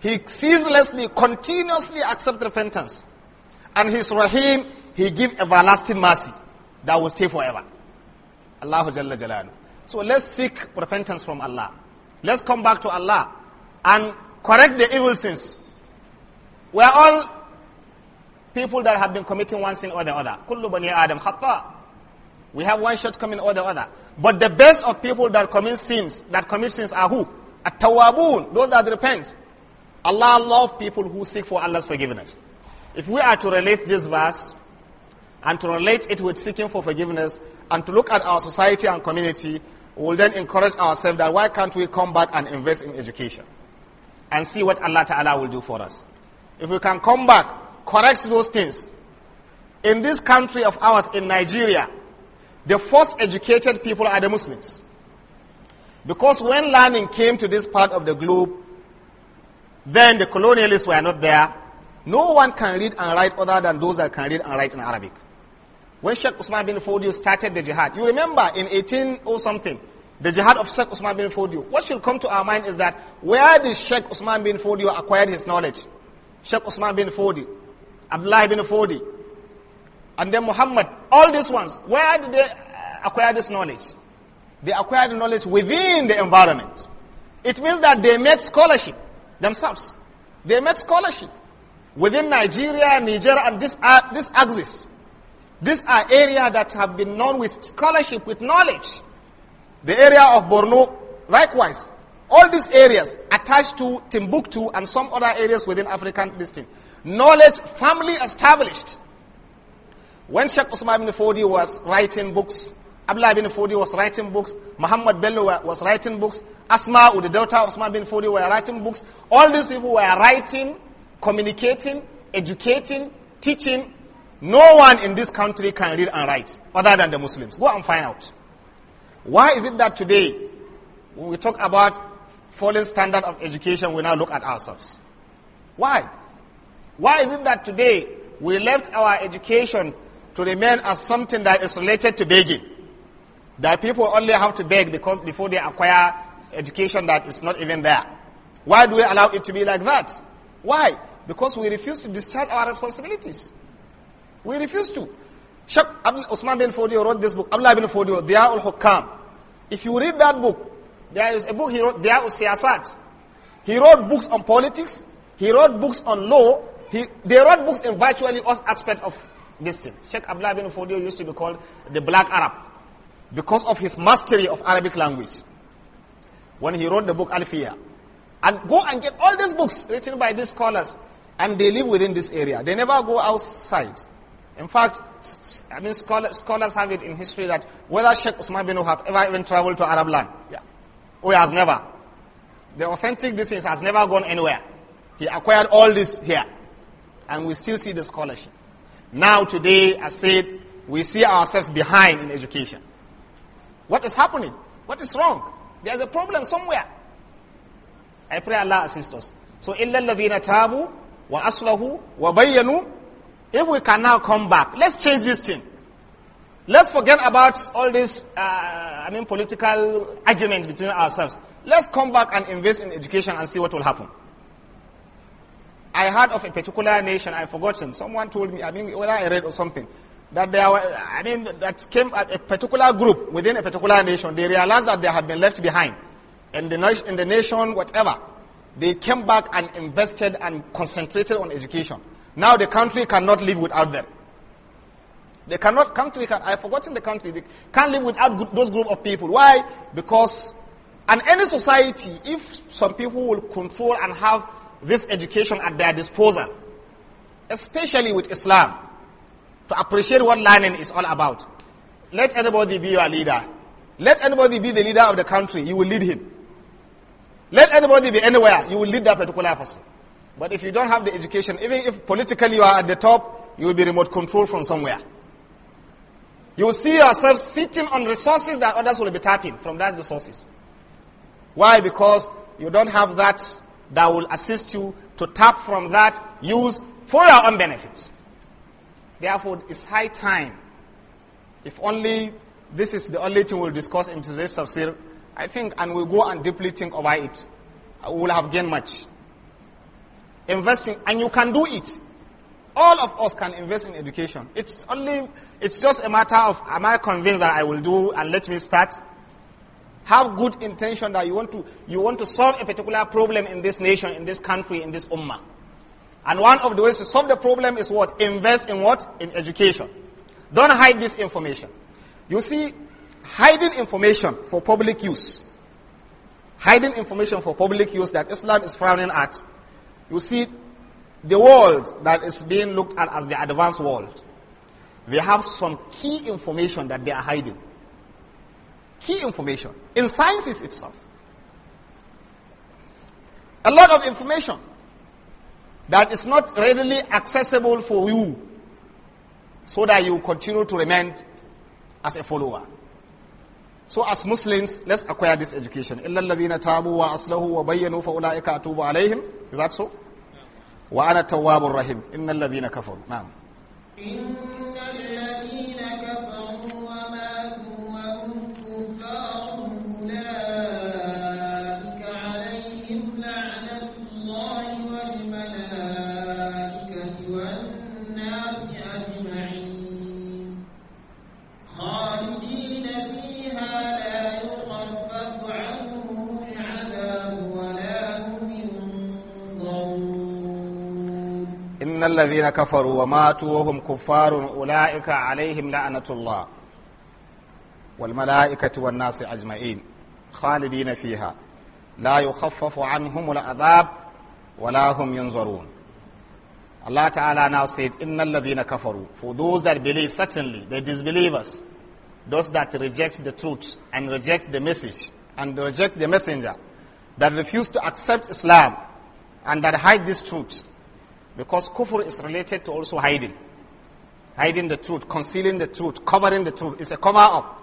He ceaselessly, continuously accepts repentance. And his Rahim, he gives everlasting mercy that will stay forever. Allahu Jalla Jalaluhu. So let's seek repentance from Allah. Let's come back to Allah and correct the evil sins. We are all people that have been committing one sin or the other. Kullu bani Adam khata. We have one shortcoming or the other. But the best of people that commit sins, that commit sins are who? At-tawabun, those that repent. Allah loves people who seek for Allah's forgiveness. If we are to relate this verse and to relate it with seeking for forgiveness and to look at our society and community, we will then encourage ourselves that why can't we come back and invest in education and see what Allah Ta'ala will do for us. If we can come back, correct those things. In this country of ours, in Nigeria, the first educated people are the Muslims. Because when learning came to this part of the globe, then the colonialists were not there. No one can read and write other than those that can read and write in Arabic. When Sheikh Usman bin Fodio started the jihad, you remember in 18 or oh something, the jihad of Sheikh Usman bin Fodio. What should come to our mind is that where did Sheikh Usman bin Fodio acquired his knowledge? Sheikh Usman bin Fodio, Abdullah bin Fodio, and then Muhammad. All these ones, where did they acquire this knowledge? They acquired the knowledge within the environment. It means that they made scholarship themselves. They made scholarship within Nigeria, Niger, and this, uh, this axis. These are areas that have been known with scholarship, with knowledge. The area of Borno, likewise. All these areas attached to Timbuktu and some other areas within African distinct. Knowledge firmly established. When Sheikh Usman ibn Fodi was writing books, Abdullah ibn Fodi was writing books, Muhammad Bello was writing books, Asma, the daughter of Usman bin Fodi, were writing books. All these people were writing, communicating, educating, teaching, no one in this country can read and write other than the Muslims. Go and find out. Why is it that today, when we talk about falling standard of education, we now look at ourselves? Why? Why is it that today we left our education to remain as something that is related to begging? That people only have to beg because before they acquire education that is not even there. Why do we allow it to be like that? Why? Because we refuse to discharge our responsibilities. We refuse to. Sheikh Usman bin Fodio wrote this book, Abdullah bin Fodio, Diya'ul Hukam. If you read that book, there is a book he wrote, Diya'ul Siyasat. He wrote books on politics, he wrote books on law, he, they wrote books in virtually all aspects of this thing. Sheikh Abdullah bin Fodio used to be called the Black Arab because of his mastery of Arabic language. When he wrote the book Alfiya. And go and get all these books written by these scholars and they live within this area. They never go outside. In fact, I mean, scholars, scholars have it in history that whether Sheikh Usman bin Wahab ever even traveled to Arab land, yeah. he has never. The authentic distance has never gone anywhere. He acquired all this here. And we still see the scholarship. Now, today, I said, we see ourselves behind in education. What is happening? What is wrong? There's a problem somewhere. I pray Allah assist us. So, إِلَّا الَّذِينَ تَابُوا وَأَصْلَهُوا وَبَيَّنُوا if we can now come back, let's change this thing. Let's forget about all this, uh, I mean, political argument between ourselves. Let's come back and invest in education and see what will happen. I heard of a particular nation, I've forgotten. Someone told me, I mean, whether I read or something, that there were, I mean, that came a particular group within a particular nation. They realized that they had been left behind. In the, in the nation, whatever. They came back and invested and concentrated on education. Now the country cannot live without them. They cannot, country can, I've forgotten the country, they can't live without good, those group of people. Why? Because, and any society, if some people will control and have this education at their disposal, especially with Islam, to appreciate what learning is all about. Let anybody be your leader. Let anybody be the leader of the country, you will lead him. Let anybody be anywhere, you will lead that particular person. But if you don't have the education, even if politically you are at the top, you will be remote controlled from somewhere. You will see yourself sitting on resources that others will be tapping from that resources. Why? Because you don't have that that will assist you to tap from that use for your own benefit. Therefore, it's high time. If only this is the only thing we'll discuss in today's tafsir, I think, and we'll go and deeply think about it. We will have gained much investing, and you can do it. All of us can invest in education. It's only, it's just a matter of, am I convinced that I will do and let me start? Have good intention that you want to, you want to solve a particular problem in this nation, in this country, in this ummah. And one of the ways to solve the problem is what? Invest in what? In education. Don't hide this information. You see, hiding information for public use, hiding information for public use that Islam is frowning at, you see, the world that is being looked at as the advanced world, they have some key information that they are hiding. Key information in sciences itself. A lot of information that is not readily accessible for you so that you continue to remain as a follower. So as Muslims, let's acquire this education. Is that so? وأنا التواب الرحيم إن الذين كفروا نعم إن الذين الذين كفروا وماتوا وهم كفار أولئك عليهم لعنة الله والملائكة والناس أجمعين خالدين فيها لا يخفف عنهم العذاب ولا هم ينظرون Allah Ta'ala now said, Innal ladhina kafaru. For those that believe, certainly, the disbelievers, those that reject the truth and reject the message and reject the messenger, that refuse to accept Islam and that hide this truth, Because kufr is related to also hiding. Hiding the truth, concealing the truth, covering the truth. It's a cover up.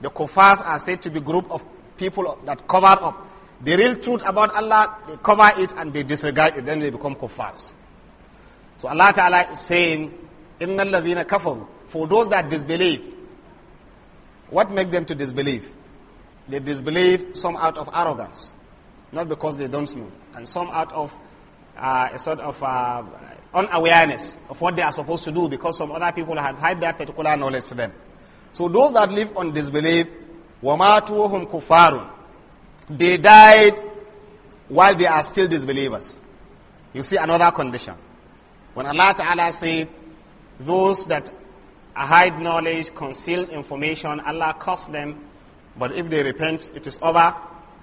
The kuffars are said to be group of people that cover up. The real truth about Allah, they cover it and they disregard it, then they become kuffars. So Allah Ta'ala is saying, إِنَّ الَّذِينَ كَفَرُوا For those that disbelieve, what make them to disbelieve? They disbelieve some out of arrogance, not because they don't know, and some out of uh, a sort of uh, unawareness of what they are supposed to do because some other people have had that particular knowledge to them. So those that live on disbelief, وَمَاتُوهُمْ kufarun, They died while they are still disbelievers. You see another condition. When Allah Ta'ala said, those that hide knowledge, conceal information, Allah curse them, but if they repent, it is over.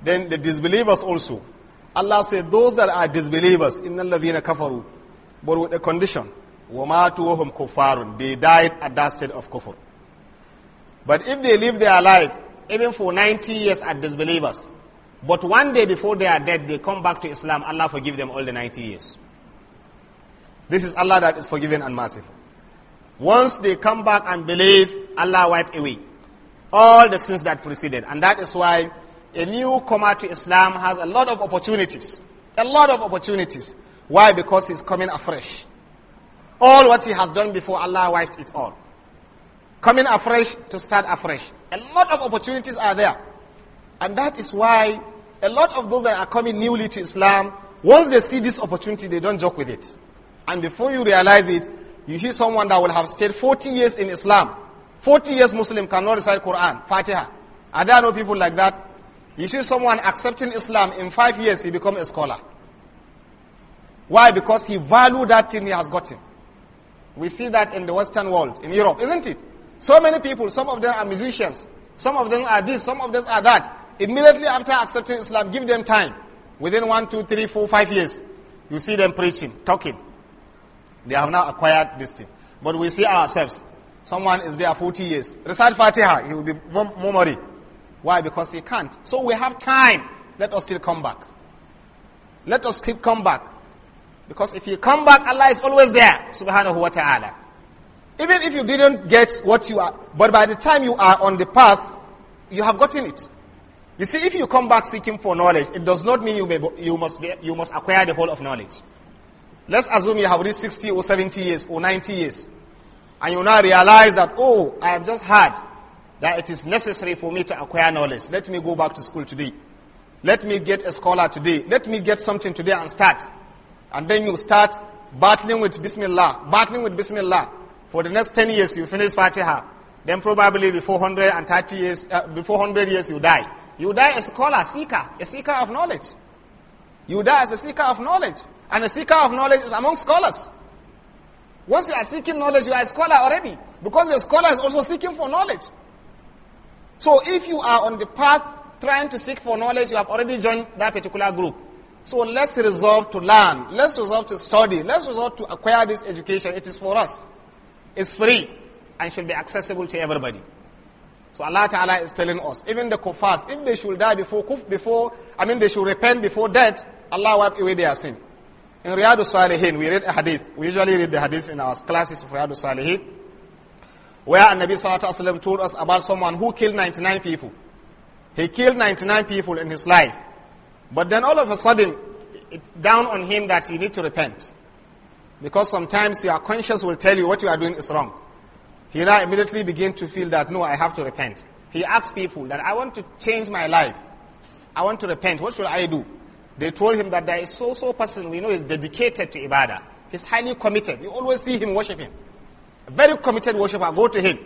Then the disbelievers also, Allah said, those that are disbelievers, in الَّذِينَ كَفَرُوا But with a condition, وَمَاتُوهُمْ كُفَّارٌ They died at that state of kufr. But if they live their life, even for 90 years as disbelievers, but one day before they are dead, they come back to Islam, Allah forgive them all the 90 years. This is Allah that is forgiving and merciful. Once they come back and believe, Allah wipe away all the sins that preceded. And that is why a newcomer to Islam has a lot of opportunities. A lot of opportunities. Why? Because he's coming afresh. All what he has done before, Allah wiped it all. Coming afresh to start afresh. A lot of opportunities are there. And that is why a lot of those that are coming newly to Islam, once they see this opportunity, they don't joke with it. And before you realize it, you hear someone that will have stayed 40 years in Islam. 40 years Muslim cannot recite Quran, Fatiha. Are there no people like that? You see someone accepting Islam, in five years he become a scholar. Why? Because he valued that thing he has gotten. We see that in the Western world, in Europe, isn't it? So many people, some of them are musicians, some of them are this, some of them are that. Immediately after accepting Islam, give them time. Within one, two, three, four, five years, you see them preaching, talking. They have now acquired this thing. But we see ourselves. Someone is there 40 years. Recite Fatiha, he will be more, more why? Because he can't. So we have time. Let us still come back. Let us keep come back. Because if you come back, Allah is always there. Subhanahu wa ta'ala. Even if you didn't get what you are, but by the time you are on the path, you have gotten it. You see, if you come back seeking for knowledge, it does not mean you, may, you, must, be, you must acquire the whole of knowledge. Let's assume you have reached 60 or 70 years or 90 years. And you now realize that, oh, I have just had that it is necessary for me to acquire knowledge. Let me go back to school today. Let me get a scholar today. Let me get something today and start. And then you start battling with Bismillah, battling with Bismillah. For the next 10 years, you finish Fatiha. Then probably before 130 years, uh, before 100 years, you die. You die as a scholar, seeker, a seeker of knowledge. You die as a seeker of knowledge. And a seeker of knowledge is among scholars. Once you are seeking knowledge, you are a scholar already. Because the scholar is also seeking for knowledge. So if you are on the path trying to seek for knowledge, you have already joined that particular group. So let's resolve to learn. Let's resolve to study. Let's resolve to acquire this education. It is for us. It's free and should be accessible to everybody. So Allah Ta'ala is telling us, even the kuffars, if they should die before, before, I mean they should repent before death, Allah wipe away their sin. In Riyadus Salihin, we read a hadith. We usually read the hadith in our classes of Riyadus Salihin where Nabi Sallallahu told us about someone who killed 99 people. He killed 99 people in his life. But then all of a sudden, it down on him that he need to repent. Because sometimes your conscience will tell you what you are doing is wrong. He now immediately begin to feel that, no, I have to repent. He asks people that I want to change my life. I want to repent. What should I do? They told him that there is so-so person we know is dedicated to ibadah. He's highly committed. You always see him worshiping a very committed worshiper, go to him.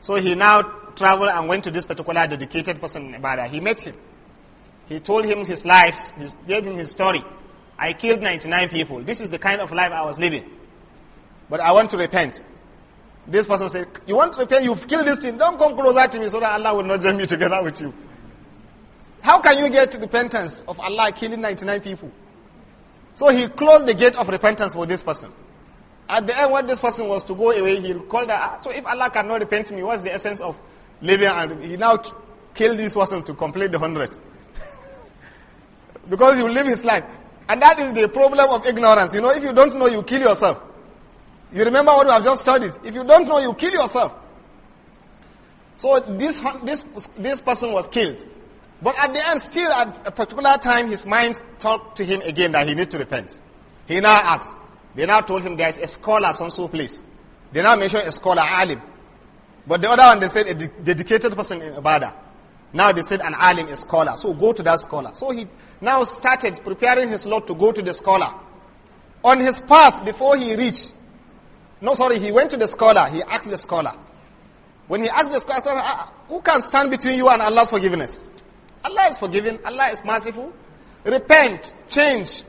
So he now traveled and went to this particular dedicated person in Ibadah. He met him. He told him his life, he gave him his story. I killed 99 people. This is the kind of life I was living. But I want to repent. This person said, You want to repent? You've killed this thing. Don't come closer to me so that Allah will not join me together with you. How can you get repentance of Allah killing 99 people? So he closed the gate of repentance for this person. At the end, when this person was to go away, he called her. Ah, so if Allah cannot repent me, what's the essence of living? And he now killed this person to complete the hundred. because he will live his life. And that is the problem of ignorance. You know, if you don't know, you kill yourself. You remember what we have just studied. If you don't know, you kill yourself. So this, this, this person was killed. But at the end, still at a particular time, his mind talked to him again that he need to repent. He now asks, they now told him there is a scholar so so please." They now mentioned a scholar, alim. But the other one, they said a dedicated person in Ibadah. Now they said an alim, a scholar. So go to that scholar. So he now started preparing his lot to go to the scholar. On his path, before he reached, no, sorry, he went to the scholar. He asked the scholar. When he asked the scholar, ah, ah, who can stand between you and Allah's forgiveness? Allah is forgiving. Allah is merciful. Repent, change,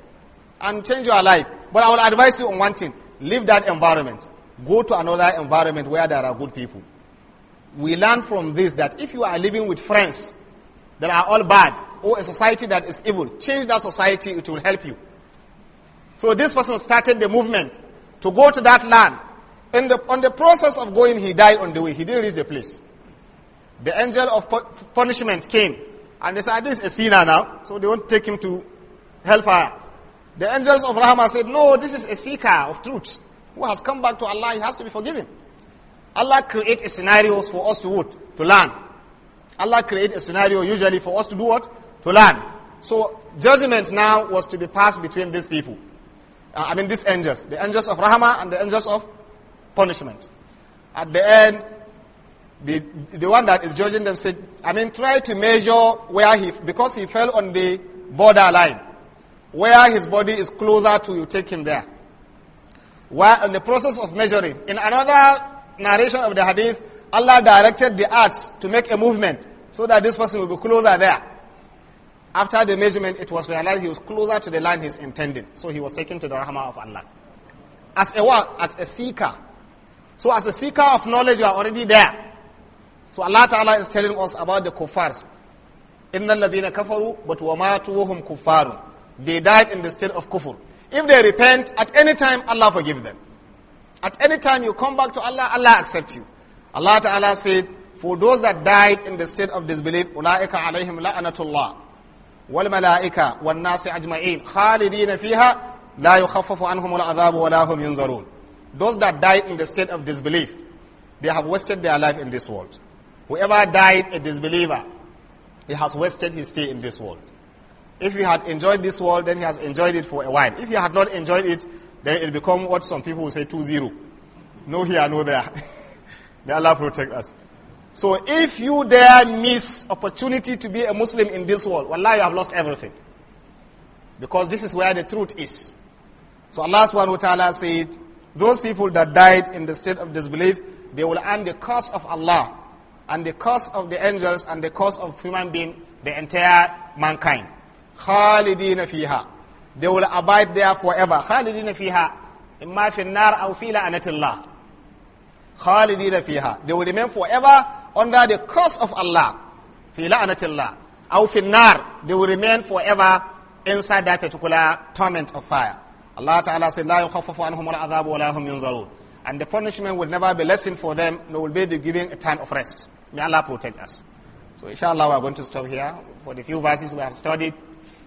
and change your life. But I will advise you on one thing. Leave that environment. Go to another environment where there are good people. We learn from this that if you are living with friends that are all bad or a society that is evil, change that society, it will help you. So this person started the movement to go to that land. In the, on the process of going, he died on the way. He didn't reach the place. The angel of punishment came and they said, ah, this is a sinner now, so they won't take him to hellfire. The angels of Rahman said, No, this is a seeker of truth who has come back to Allah. He has to be forgiven. Allah create scenarios for us to what? To learn. Allah create a scenario usually for us to do what? To learn. So judgment now was to be passed between these people. Uh, I mean these angels. The angels of Rahmah and the angels of punishment. At the end, the, the one that is judging them said, I mean, try to measure where he, because he fell on the borderline. Where his body is closer to you, take him there. While in the process of measuring, in another narration of the hadith, Allah directed the arts to make a movement so that this person will be closer there. After the measurement, it was realized he was closer to the line he's intending. So he was taken to the rahmah of Allah. As a what? As a seeker. So as a seeker of knowledge, you are already there. So Allah Ta'ala is telling us about the kuffars. إِنَّ الَّذِينَ كَفَرُوا بَتْ وَمَاتُوهُمْ كُفَّارٌ they died in the state of kufr. If they repent, at any time, Allah forgive them. At any time you come back to Allah, Allah accepts you. Allah Ta'ala said, for those that died in the state of disbelief, أُولَٰئِكَ عَلَيْهِمْ لَأَنَةُ اللَّهِ وَالْمَلَائِكَةِ وَالنَّاسِ أَجْمَعِينَ خَالِدِينَ فِيهَا لَا يُخَفَّفُ عَنْهُمُ الْعَذَابُ وَلَا هُمْ يُنْظَرُونَ Those that died in the state of disbelief, they have wasted their life in this world. Whoever died a disbeliever, he has wasted his stay in this world. If he had enjoyed this world, then he has enjoyed it for a while. If he had not enjoyed it, then it become what some people will say 2-0. No here, no there. May Allah protect us. So if you dare miss opportunity to be a Muslim in this world, wallah, you have lost everything. Because this is where the truth is. So Allah subhanahu wa ta'ala said, those people that died in the state of disbelief, they will earn the curse of Allah and the curse of the angels and the curse of human being, the entire mankind. خالدين فيها, they will abide there forever خالدين فيها, imma fi nar aw fi la'natillah they will remain forever under the curse of Allah fi الله أو في النار, they will remain forever inside that particular torment of fire Allah Ta'ala said لا yukhaffafu anhum al ولا wa and the punishment will never be lessened for them nor will be the giving a time of rest may Allah protect us so inshallah we are going to stop here for the few verses we have studied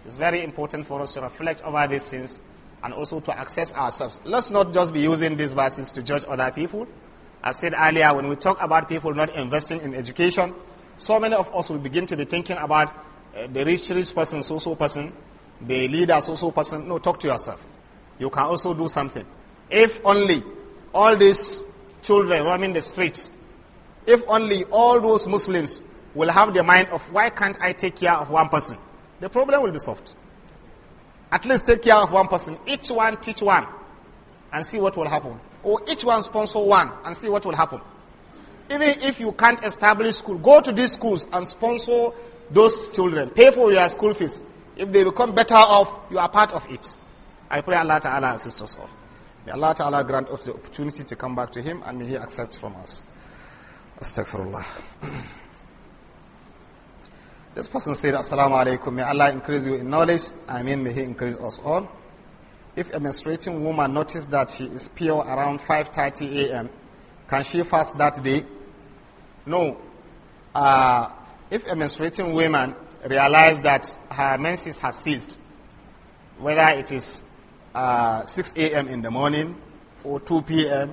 it's very important for us to reflect over these things and also to access ourselves. Let's not just be using these verses to judge other people. I said earlier, when we talk about people not investing in education, so many of us will begin to be thinking about uh, the rich, rich person, so-so person, the leader, so-so person. No, talk to yourself. You can also do something. If only all these children roaming the streets, if only all those Muslims will have the mind of why can't I take care of one person? the problem will be solved. At least take care of one person. Each one teach one and see what will happen. Or each one sponsor one and see what will happen. Even if you can't establish school, go to these schools and sponsor those children. Pay for your school fees. If they become better off, you are part of it. I pray Allah Ta'ala assist us all. May Allah Ta'ala grant us the opportunity to come back to Him and may He accept from us. Astaghfirullah. This person said, Assalamu alaikum, may Allah increase you in knowledge. I mean, may He increase us all. If a menstruating woman notices that she is pure around 5.30 a.m., can she fast that day? No. Uh, if a menstruating woman realizes that her menses has ceased, whether it is uh, 6 a.m. in the morning or 2 p.m.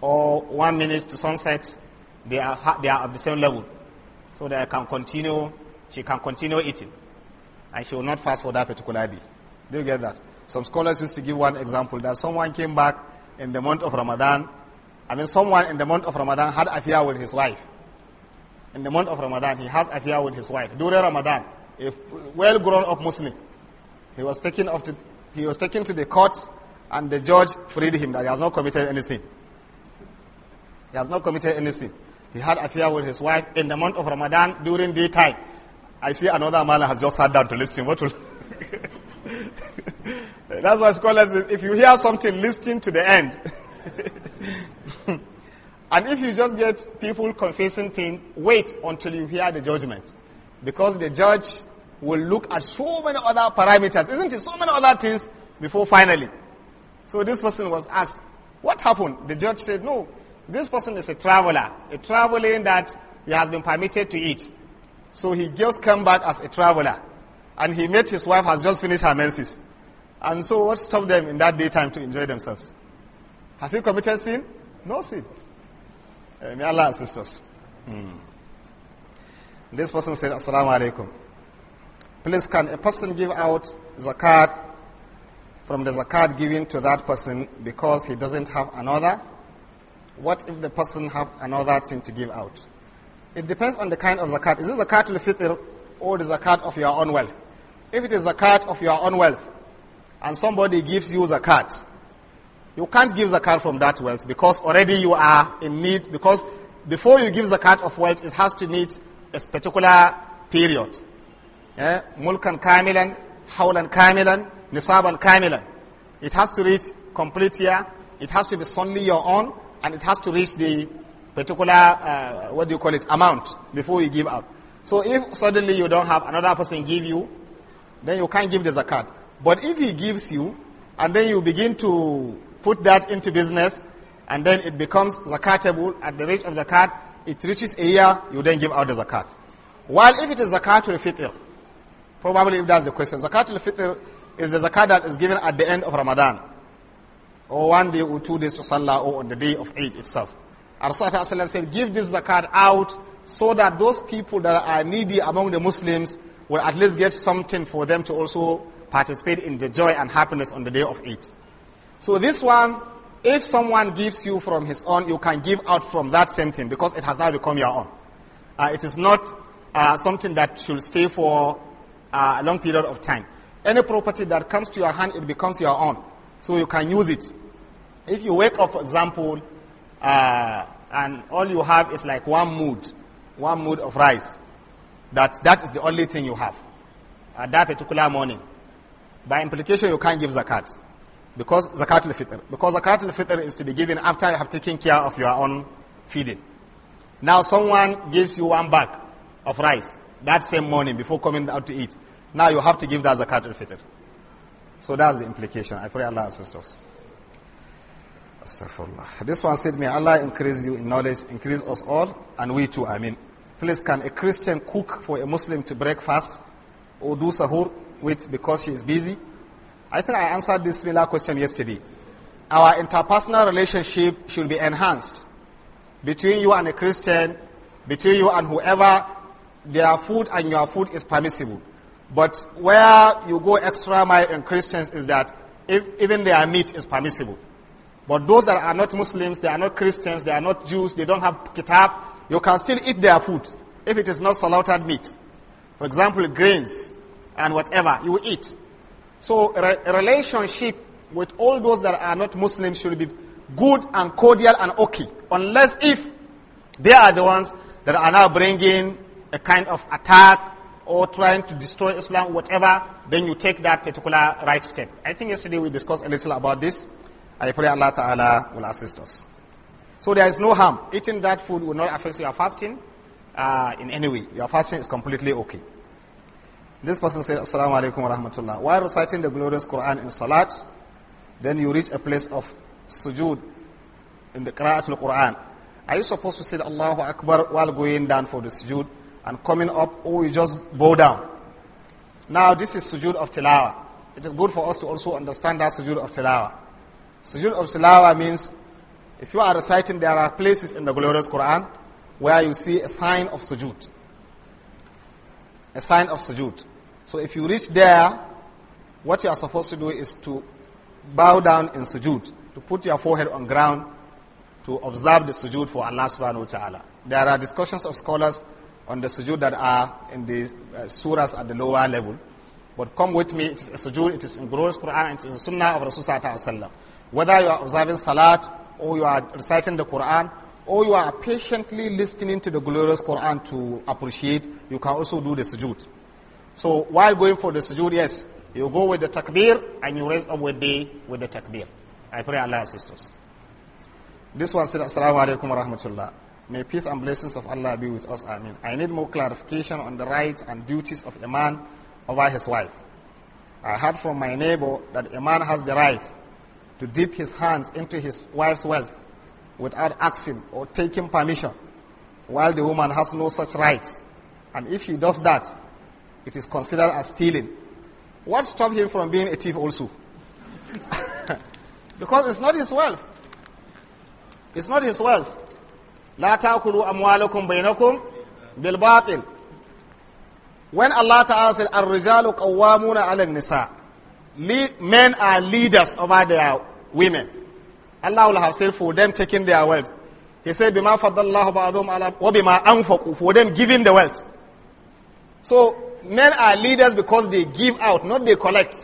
or one minute to sunset, they are, they are at the same level. So they can continue she can continue eating. And she will not fast for that particular day. Do you get that? Some scholars used to give one example that someone came back in the month of Ramadan. I mean, someone in the month of Ramadan had affair with his wife. In the month of Ramadan, he has affair with his wife. During Ramadan, a well-grown-up Muslim, he was taken off to, he was taken to the court, and the judge freed him that he has not committed any sin. He has not committed any sin. He had affair with his wife in the month of Ramadan during daytime. I see another man has just sat down to listen. What will? That's why scholars, if you hear something, listen to the end. and if you just get people confessing things, wait until you hear the judgment. Because the judge will look at so many other parameters, isn't it? So many other things before finally. So this person was asked, what happened? The judge said, no, this person is a traveler, a traveling that he has been permitted to eat. So he just came back as a traveler. And he met his wife has just finished her menses. And so what stopped them in that daytime to enjoy themselves? Has he committed sin? No sin. Uh, may Allah assist us. Hmm. This person said, Assalamu alaikum. Please, can a person give out zakat from the zakat given to that person because he doesn't have another? What if the person have another thing to give out? It depends on the kind of zakat. Is it zakat al-fitr or the zakat of your own wealth? If it is zakat of your own wealth, and somebody gives you zakat, you can't give zakat from that wealth because already you are in need. Because before you give zakat of wealth, it has to meet a particular period. Eh? Mulkan kamilan, hawlan kamilan, nisaban kamilan. It has to reach complete year. It has to be solely your own, and it has to reach the particular, uh, what do you call it, amount before you give out. So if suddenly you don't have another person give you, then you can't give the zakat. But if he gives you, and then you begin to put that into business, and then it becomes zakatable at the rate of zakat, it reaches a year, you then give out the zakat. While if it is zakat al fitr, probably if that's the question, zakat al fitr is the zakat that is given at the end of Ramadan, or one day or two days to Salah, or on the day of Eid itself. And Rasulullah said, give this zakat out so that those people that are needy among the Muslims will at least get something for them to also participate in the joy and happiness on the day of Eid. So this one, if someone gives you from his own, you can give out from that same thing because it has now become your own. Uh, it is not uh, something that should stay for uh, a long period of time. Any property that comes to your hand, it becomes your own. So you can use it. If you wake up, for example, uh, and all you have is like one mood, one mood of rice. That that is the only thing you have at that particular morning. By implication, you can't give zakat because zakat al-fitr. Because zakat al-fitr is to be given after you have taken care of your own feeding. Now someone gives you one bag of rice that same morning before coming out to eat. Now you have to give that zakat al-fitr. So that's the implication. I pray Allah assist us. Astaghfirullah. This one said, May Allah increase you in knowledge, increase us all, and we too, I mean. Please, can a Christian cook for a Muslim to breakfast or do sahur with because she is busy? I think I answered this similar question yesterday. Our interpersonal relationship should be enhanced between you and a Christian, between you and whoever their food and your food is permissible. But where you go extra mile in Christians is that if, even their meat is permissible. But those that are not Muslims, they are not Christians, they are not Jews, they don't have kitab, you can still eat their food if it is not slaughtered meat. For example, grains and whatever, you eat. So re relationship with all those that are not Muslims should be good and cordial and okay. Unless if they are the ones that are now bringing a kind of attack or trying to destroy Islam, whatever, then you take that particular right step. I think yesterday we discussed a little about this. I pray Allah Ta'ala will assist us. So there is no harm. Eating that food will not affect your fasting uh, in any way. Your fasting is completely okay. This person said, Assalamu alaikum wa rahmatullah. While reciting the glorious Quran in Salat, then you reach a place of sujood in the Qira'atul Quran. Are you supposed to say Allahu Akbar while going down for the sujood and coming up, or you just bow down? Now, this is sujood of tilawa. It is good for us to also understand that sujood of tilawa. Sujood of Silawa means if you are reciting, there are places in the glorious Quran where you see a sign of sujood. A sign of sujood. So if you reach there, what you are supposed to do is to bow down in sujood, to put your forehead on ground, to observe the sujood for Allah subhanahu wa ta'ala. There are discussions of scholars on the sujood that are in the uh, surahs at the lower level. But come with me, it is a sujood, it is in glorious Quran, it is a sunnah of Rasul sallallahu alayhi wa sallam whether you are observing Salat or you are reciting the Quran or you are patiently listening to the glorious Quran to appreciate, you can also do the sujood. So while going for the sujood, yes, you go with the takbir and you raise up with the, with the takbir. I pray Allah assist us. This one said, Assalamu alaikum wa rahmatullah. May peace and blessings of Allah be with us. Amen. I need more clarification on the rights and duties of a man over his wife. I heard from my neighbor that a man has the right to dip his hands into his wife's wealth without asking or taking permission, while the woman has no such right. And if he does that, it is considered as stealing. What stopped him from being a thief also? because it's not his wealth. It's not his wealth. لا تأكلوا أموالكم بينكم بالباطل. When Allah Ta'ala said, الرجال قوامون على النساء. Men are leaders over their women. Allah will have said for them taking their wealth. He said, "Bima فَضَّلَّ اللَّهُ بَعْضُهُمْ عَلَى وَبِمَا أَنْفَقُوا For them giving the wealth. So, men are leaders because they give out, not they collect.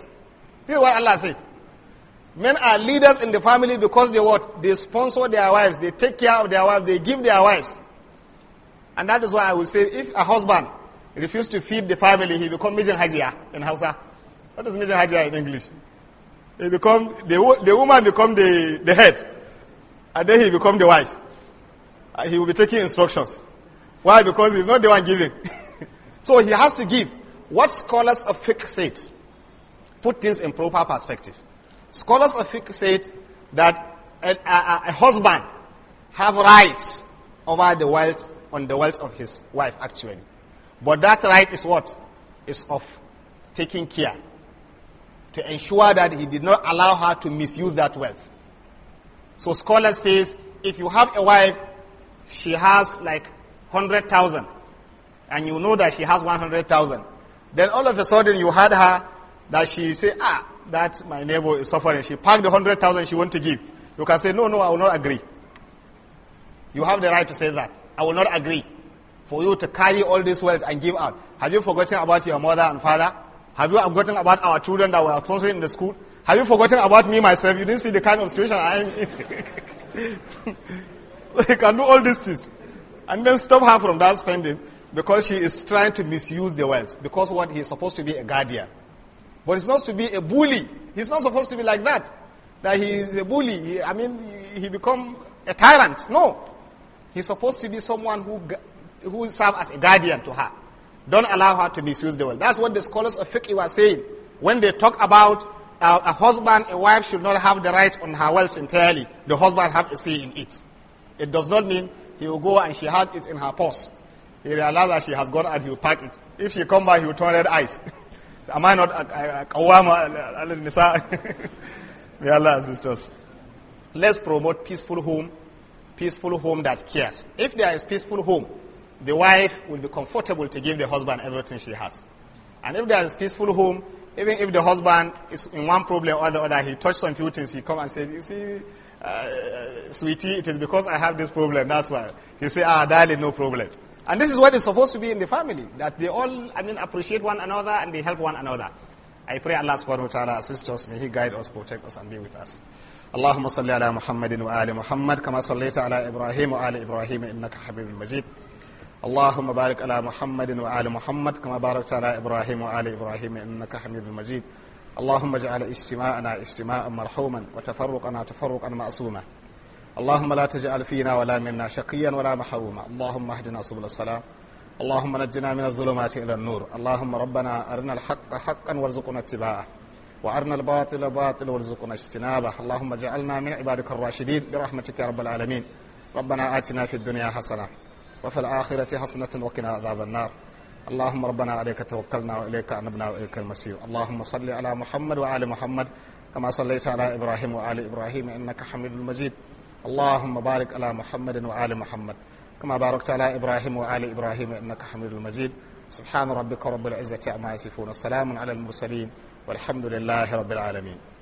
This is what Allah said. Men are leaders in the family because they what? They sponsor their wives, they take care of their wives, they give their wives. And that is why I will say, if a husband refuses to feed the family, he becomes Mijin Hajia in Hausa. What is Mijin Hajia in English? He become, the, the woman become the, the head. And then he become the wife. And he will be taking instructions. Why? Because he's not the one giving. so he has to give. What scholars of fiqh said, put things in proper perspective. Scholars of fiqh said that a, a, a husband have rights over the wealth, on the wealth of his wife actually. But that right is what? Is of taking care to ensure that he did not allow her to misuse that wealth. So scholar says, if you have a wife, she has like 100,000 and you know that she has 100,000. Then all of a sudden you had her that she say, ah, that my neighbor is suffering. She packed the 100,000 she want to give. You can say, no, no, I will not agree. You have the right to say that. I will not agree for you to carry all this wealth and give out. Have you forgotten about your mother and father? Have you forgotten about our children that were sponsoring in the school? Have you forgotten about me myself? You didn't see the kind of situation I'm in. you can do all these things. And then stop her from that spending because she is trying to misuse the wealth. Because what he is supposed to be a guardian. But he's not to be a bully. He's not supposed to be like that. That he is a bully. He, I mean, he become a tyrant. No. He's supposed to be someone who, who serve as a guardian to her. Don't allow her to misuse the wealth. That's what the scholars of fiqh were saying when they talk about uh, a husband, a wife should not have the right on her wealth entirely. The husband have a say in it. It does not mean he will go and she has it in her purse. He realizes that she has gone and he will pack it. If she come back, he will turn red eyes. Am I not a Kawama al-Nisa? May Allah assist us. Let's promote peaceful home, peaceful home that cares. If there is peaceful home, the wife will be comfortable to give the husband everything she has. And if there is peaceful home, even if the husband is in one problem or the other, he touched some few things, he come and said, you see, uh, sweetie, it is because I have this problem, that's why. You say, ah, darling, no problem. And this is what is supposed to be in the family, that they all, I mean, appreciate one another and they help one another. I pray Allah subhanahu wa ta'ala assist us, may He guide us, protect us, and be with us. اللهم صل على محمد وآل محمد كما صليت على إبراهيم وآل إبراهيم إنك حبيب majid اللهم بارك على محمد وعلى محمد كما باركت على إبراهيم وعلى إبراهيم إنك حميد مجيد اللهم اجعل اجتماعنا اجتماعا مرحوما وتفرقنا تفرقا معصوما اللهم لا تجعل فينا ولا منا شقيا ولا محروما اللهم اهدنا سبل السلام اللهم نجنا من الظلمات إلى النور اللهم ربنا أرنا الحق حقا وارزقنا اتباعه وأرنا الباطل باطل وارزقنا اجتنابه اللهم اجعلنا من عبادك الراشدين برحمتك يا رب العالمين ربنا آتنا في الدنيا حسنة وفي الآخرة حسنة وقنا عذاب النار اللهم ربنا عليك توكلنا وإليك أنبنا وإليك المسير اللهم صل على محمد وآل محمد كما صليت على إبراهيم وآل إبراهيم إنك حميد المجيد اللهم بارك على محمد وآل محمد كما باركت على إبراهيم وآل إبراهيم إنك حميد المجيد سبحان ربك رب العزة عما يصفون السلام على المرسلين والحمد لله رب العالمين